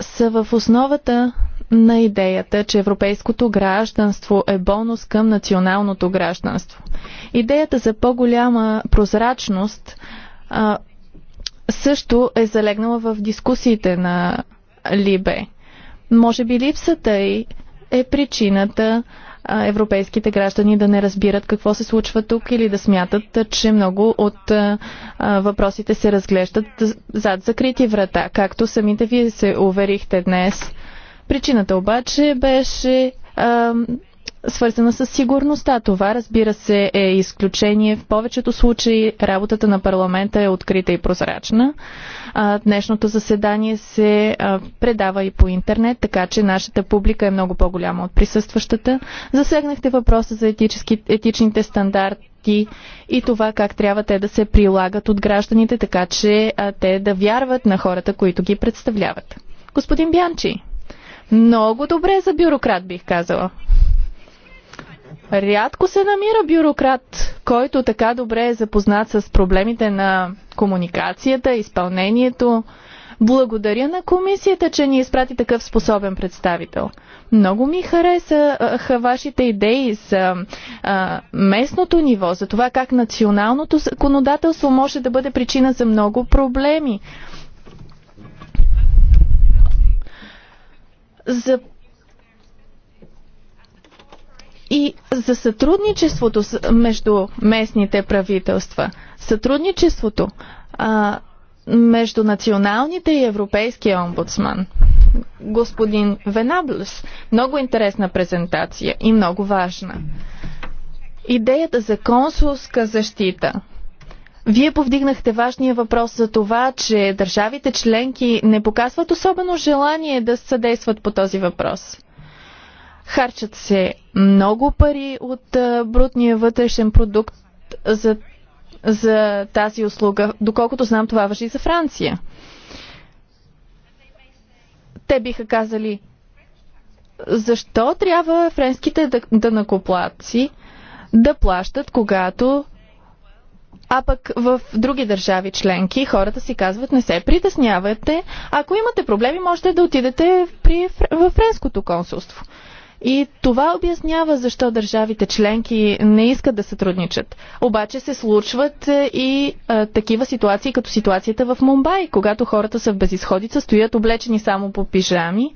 са в основата на идеята, че европейското гражданство е бонус към националното гражданство. Идеята за по-голяма прозрачност а, също е залегнала в дискусиите на Либе. Може би липсата й е причината а, европейските граждани да не разбират какво се случва тук или да смятат, че много от а, въпросите се разглеждат зад закрити врата, както самите вие се уверихте днес Причината обаче беше а, свързана с сигурността. Това, разбира се, е изключение. В повечето случаи работата на парламента е открита и прозрачна. А, днешното заседание се а, предава и по интернет, така че нашата публика е много по-голяма от присъстващата. Засегнахте въпроса за етически, етичните стандарти и това как трябва те да се прилагат от гражданите, така че а, те да вярват на хората, които ги представляват. Господин Бянчи, много добре за бюрократ, бих казала. Рядко се намира бюрократ, който така добре е запознат с проблемите на комуникацията, изпълнението. Благодаря на комисията, че ни изпрати такъв способен представител. Много ми харесаха вашите идеи за а, местното ниво, за това как националното законодателство може да бъде причина за много проблеми. за и за сътрудничеството между местните правителства. Сътрудничеството а, между националните и европейския омбудсман. Господин Венаблес, много интересна презентация и много важна. Идеята за консулска защита – вие повдигнахте важния въпрос за това, че държавите членки не показват особено желание да съдействат по този въпрос. Харчат се много пари от брутния вътрешен продукт за, за тази услуга. Доколкото знам, това въжи за Франция. Те биха казали, защо трябва френските дънакоплаци да плащат, когато а пък в други държави членки хората си казват не се притеснявайте. Ако имате проблеми, можете да отидете при, в френското консулство. И това обяснява защо държавите членки не искат да сътрудничат. Обаче се случват е, и а, е, такива ситуации, като ситуацията в Мумбай, когато хората са в безисходица, стоят облечени само по пижами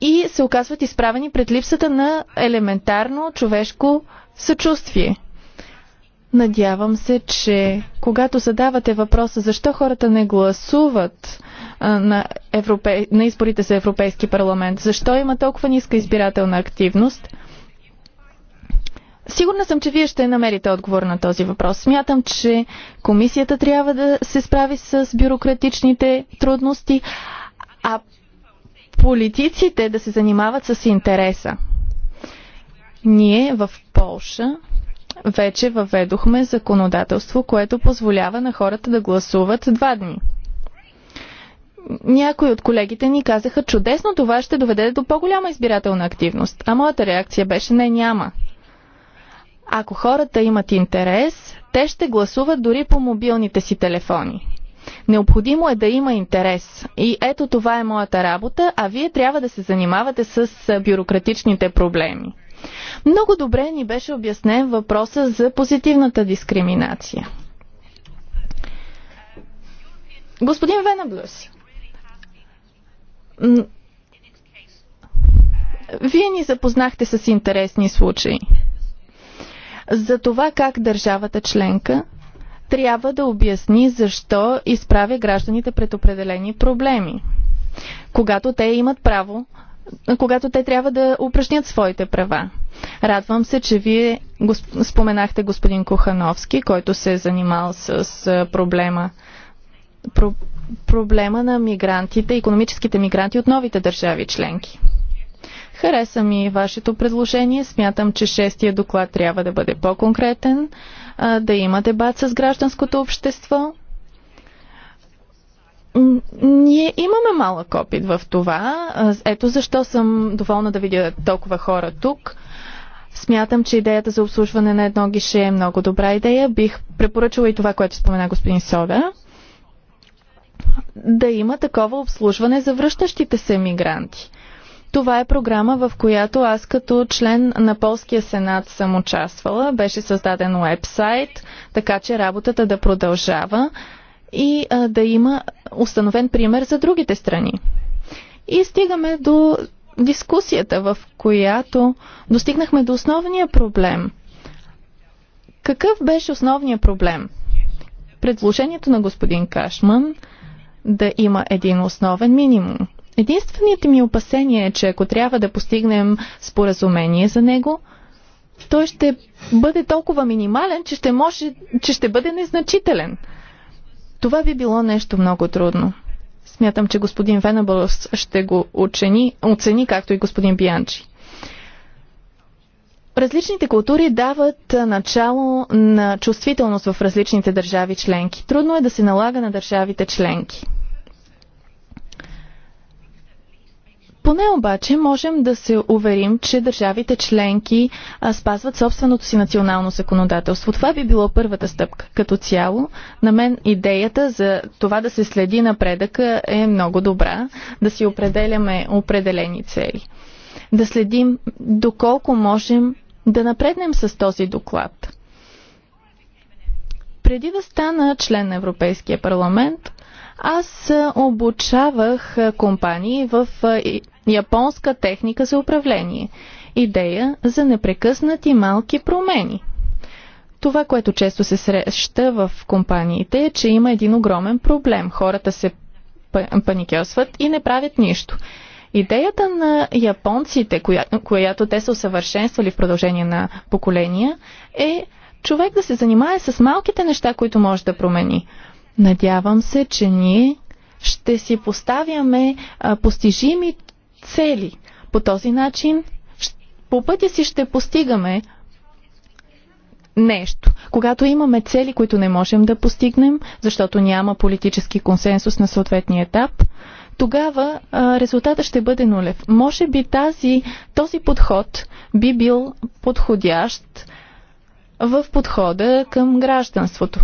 и се оказват изправени пред липсата на елементарно човешко съчувствие. Надявам се, че когато задавате въпроса защо хората не гласуват на, европе... на изборите за Европейски парламент, защо има толкова ниска избирателна активност, Сигурна съм, че вие ще намерите отговор на този въпрос. Смятам, че комисията трябва да се справи с бюрократичните трудности, а политиците да се занимават с интереса. Ние в Полша вече въведохме законодателство, което позволява на хората да гласуват два дни. Някои от колегите ни казаха, чудесно това ще доведе до по-голяма избирателна активност. А моята реакция беше, не, няма. Ако хората имат интерес, те ще гласуват дори по мобилните си телефони. Необходимо е да има интерес. И ето това е моята работа, а вие трябва да се занимавате с бюрократичните проблеми. Много добре ни беше обяснен въпроса за позитивната дискриминация. Господин Венаблюс, вие ни запознахте с интересни случаи за това как държавата членка трябва да обясни защо изправя гражданите пред определени проблеми, когато те имат право когато те трябва да упражнят своите права. Радвам се, че вие госп... споменахте господин Кохановски, който се е занимал с проблема про... проблема на мигрантите, економическите мигранти от новите държави членки. Хареса ми вашето предложение. Смятам, че шестия доклад трябва да бъде по-конкретен, да има дебат с гражданското общество ние имаме малък опит в това. Ето защо съм доволна да видя толкова хора тук. Смятам, че идеята за обслужване на едно гише е много добра идея. Бих препоръчала и това, което спомена господин Сода. Да има такова обслужване за връщащите се мигранти. Това е програма, в която аз като член на Полския сенат съм участвала. Беше създаден уебсайт, така че работата да продължава и а, да има установен пример за другите страни. И стигаме до дискусията, в която достигнахме до основния проблем. Какъв беше основният проблем? Предложението на господин Кашман да има един основен минимум. Единственият ми опасение е, че ако трябва да постигнем споразумение за него, той ще бъде толкова минимален, че ще, може, че ще бъде незначителен. Това би било нещо много трудно. Смятам, че господин Венабълс ще го учени, оцени, както и господин Бианчи. Различните култури дават начало на чувствителност в различните държави членки. Трудно е да се налага на държавите членки. Поне обаче можем да се уверим, че държавите членки а, спазват собственото си национално законодателство. Това би било първата стъпка. Като цяло, на мен идеята за това да се следи напредъка е много добра, да си определяме определени цели. Да следим доколко можем да напреднем с този доклад. Преди да стана член на Европейския парламент, аз обучавах компании в японска техника за управление. Идея за непрекъснати малки промени. Това, което често се среща в компаниите е, че има един огромен проблем. Хората се паникьосват и не правят нищо. Идеята на японците, коя, която те са усъвършенствали в продължение на поколения, е човек да се занимае с малките неща, които може да промени. Надявам се, че ние ще си поставяме а, постижими цели. По този начин по пътя си ще постигаме нещо. Когато имаме цели, които не можем да постигнем, защото няма политически консенсус на съответния етап, тогава а, резултата ще бъде нулев. Може би тази, този подход би бил подходящ в подхода към гражданството.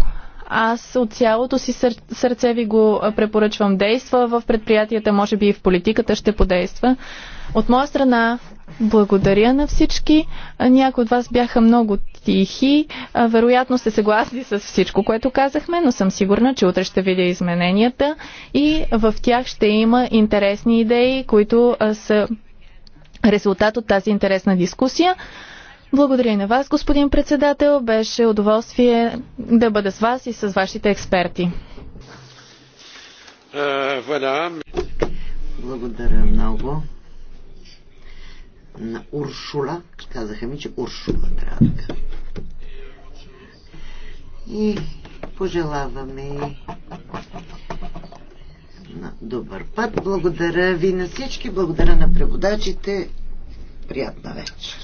Аз от цялото си сърце ви го препоръчвам. Действа в предприятията, може би и в политиката ще подейства. От моя страна, благодаря на всички. Някои от вас бяха много тихи. Вероятно сте съгласни с всичко, което казахме, но съм сигурна, че утре ще видя измененията и в тях ще има интересни идеи, които са резултат от тази интересна дискусия. Благодаря и на вас, господин председател. Беше удоволствие да бъда с вас и с вашите експерти. Е, благодаря много. На Уршула, казаха ми, че Уршула трябва да И пожелаваме на добър път. Благодаря ви на всички, благодаря на преводачите. Приятна вечер.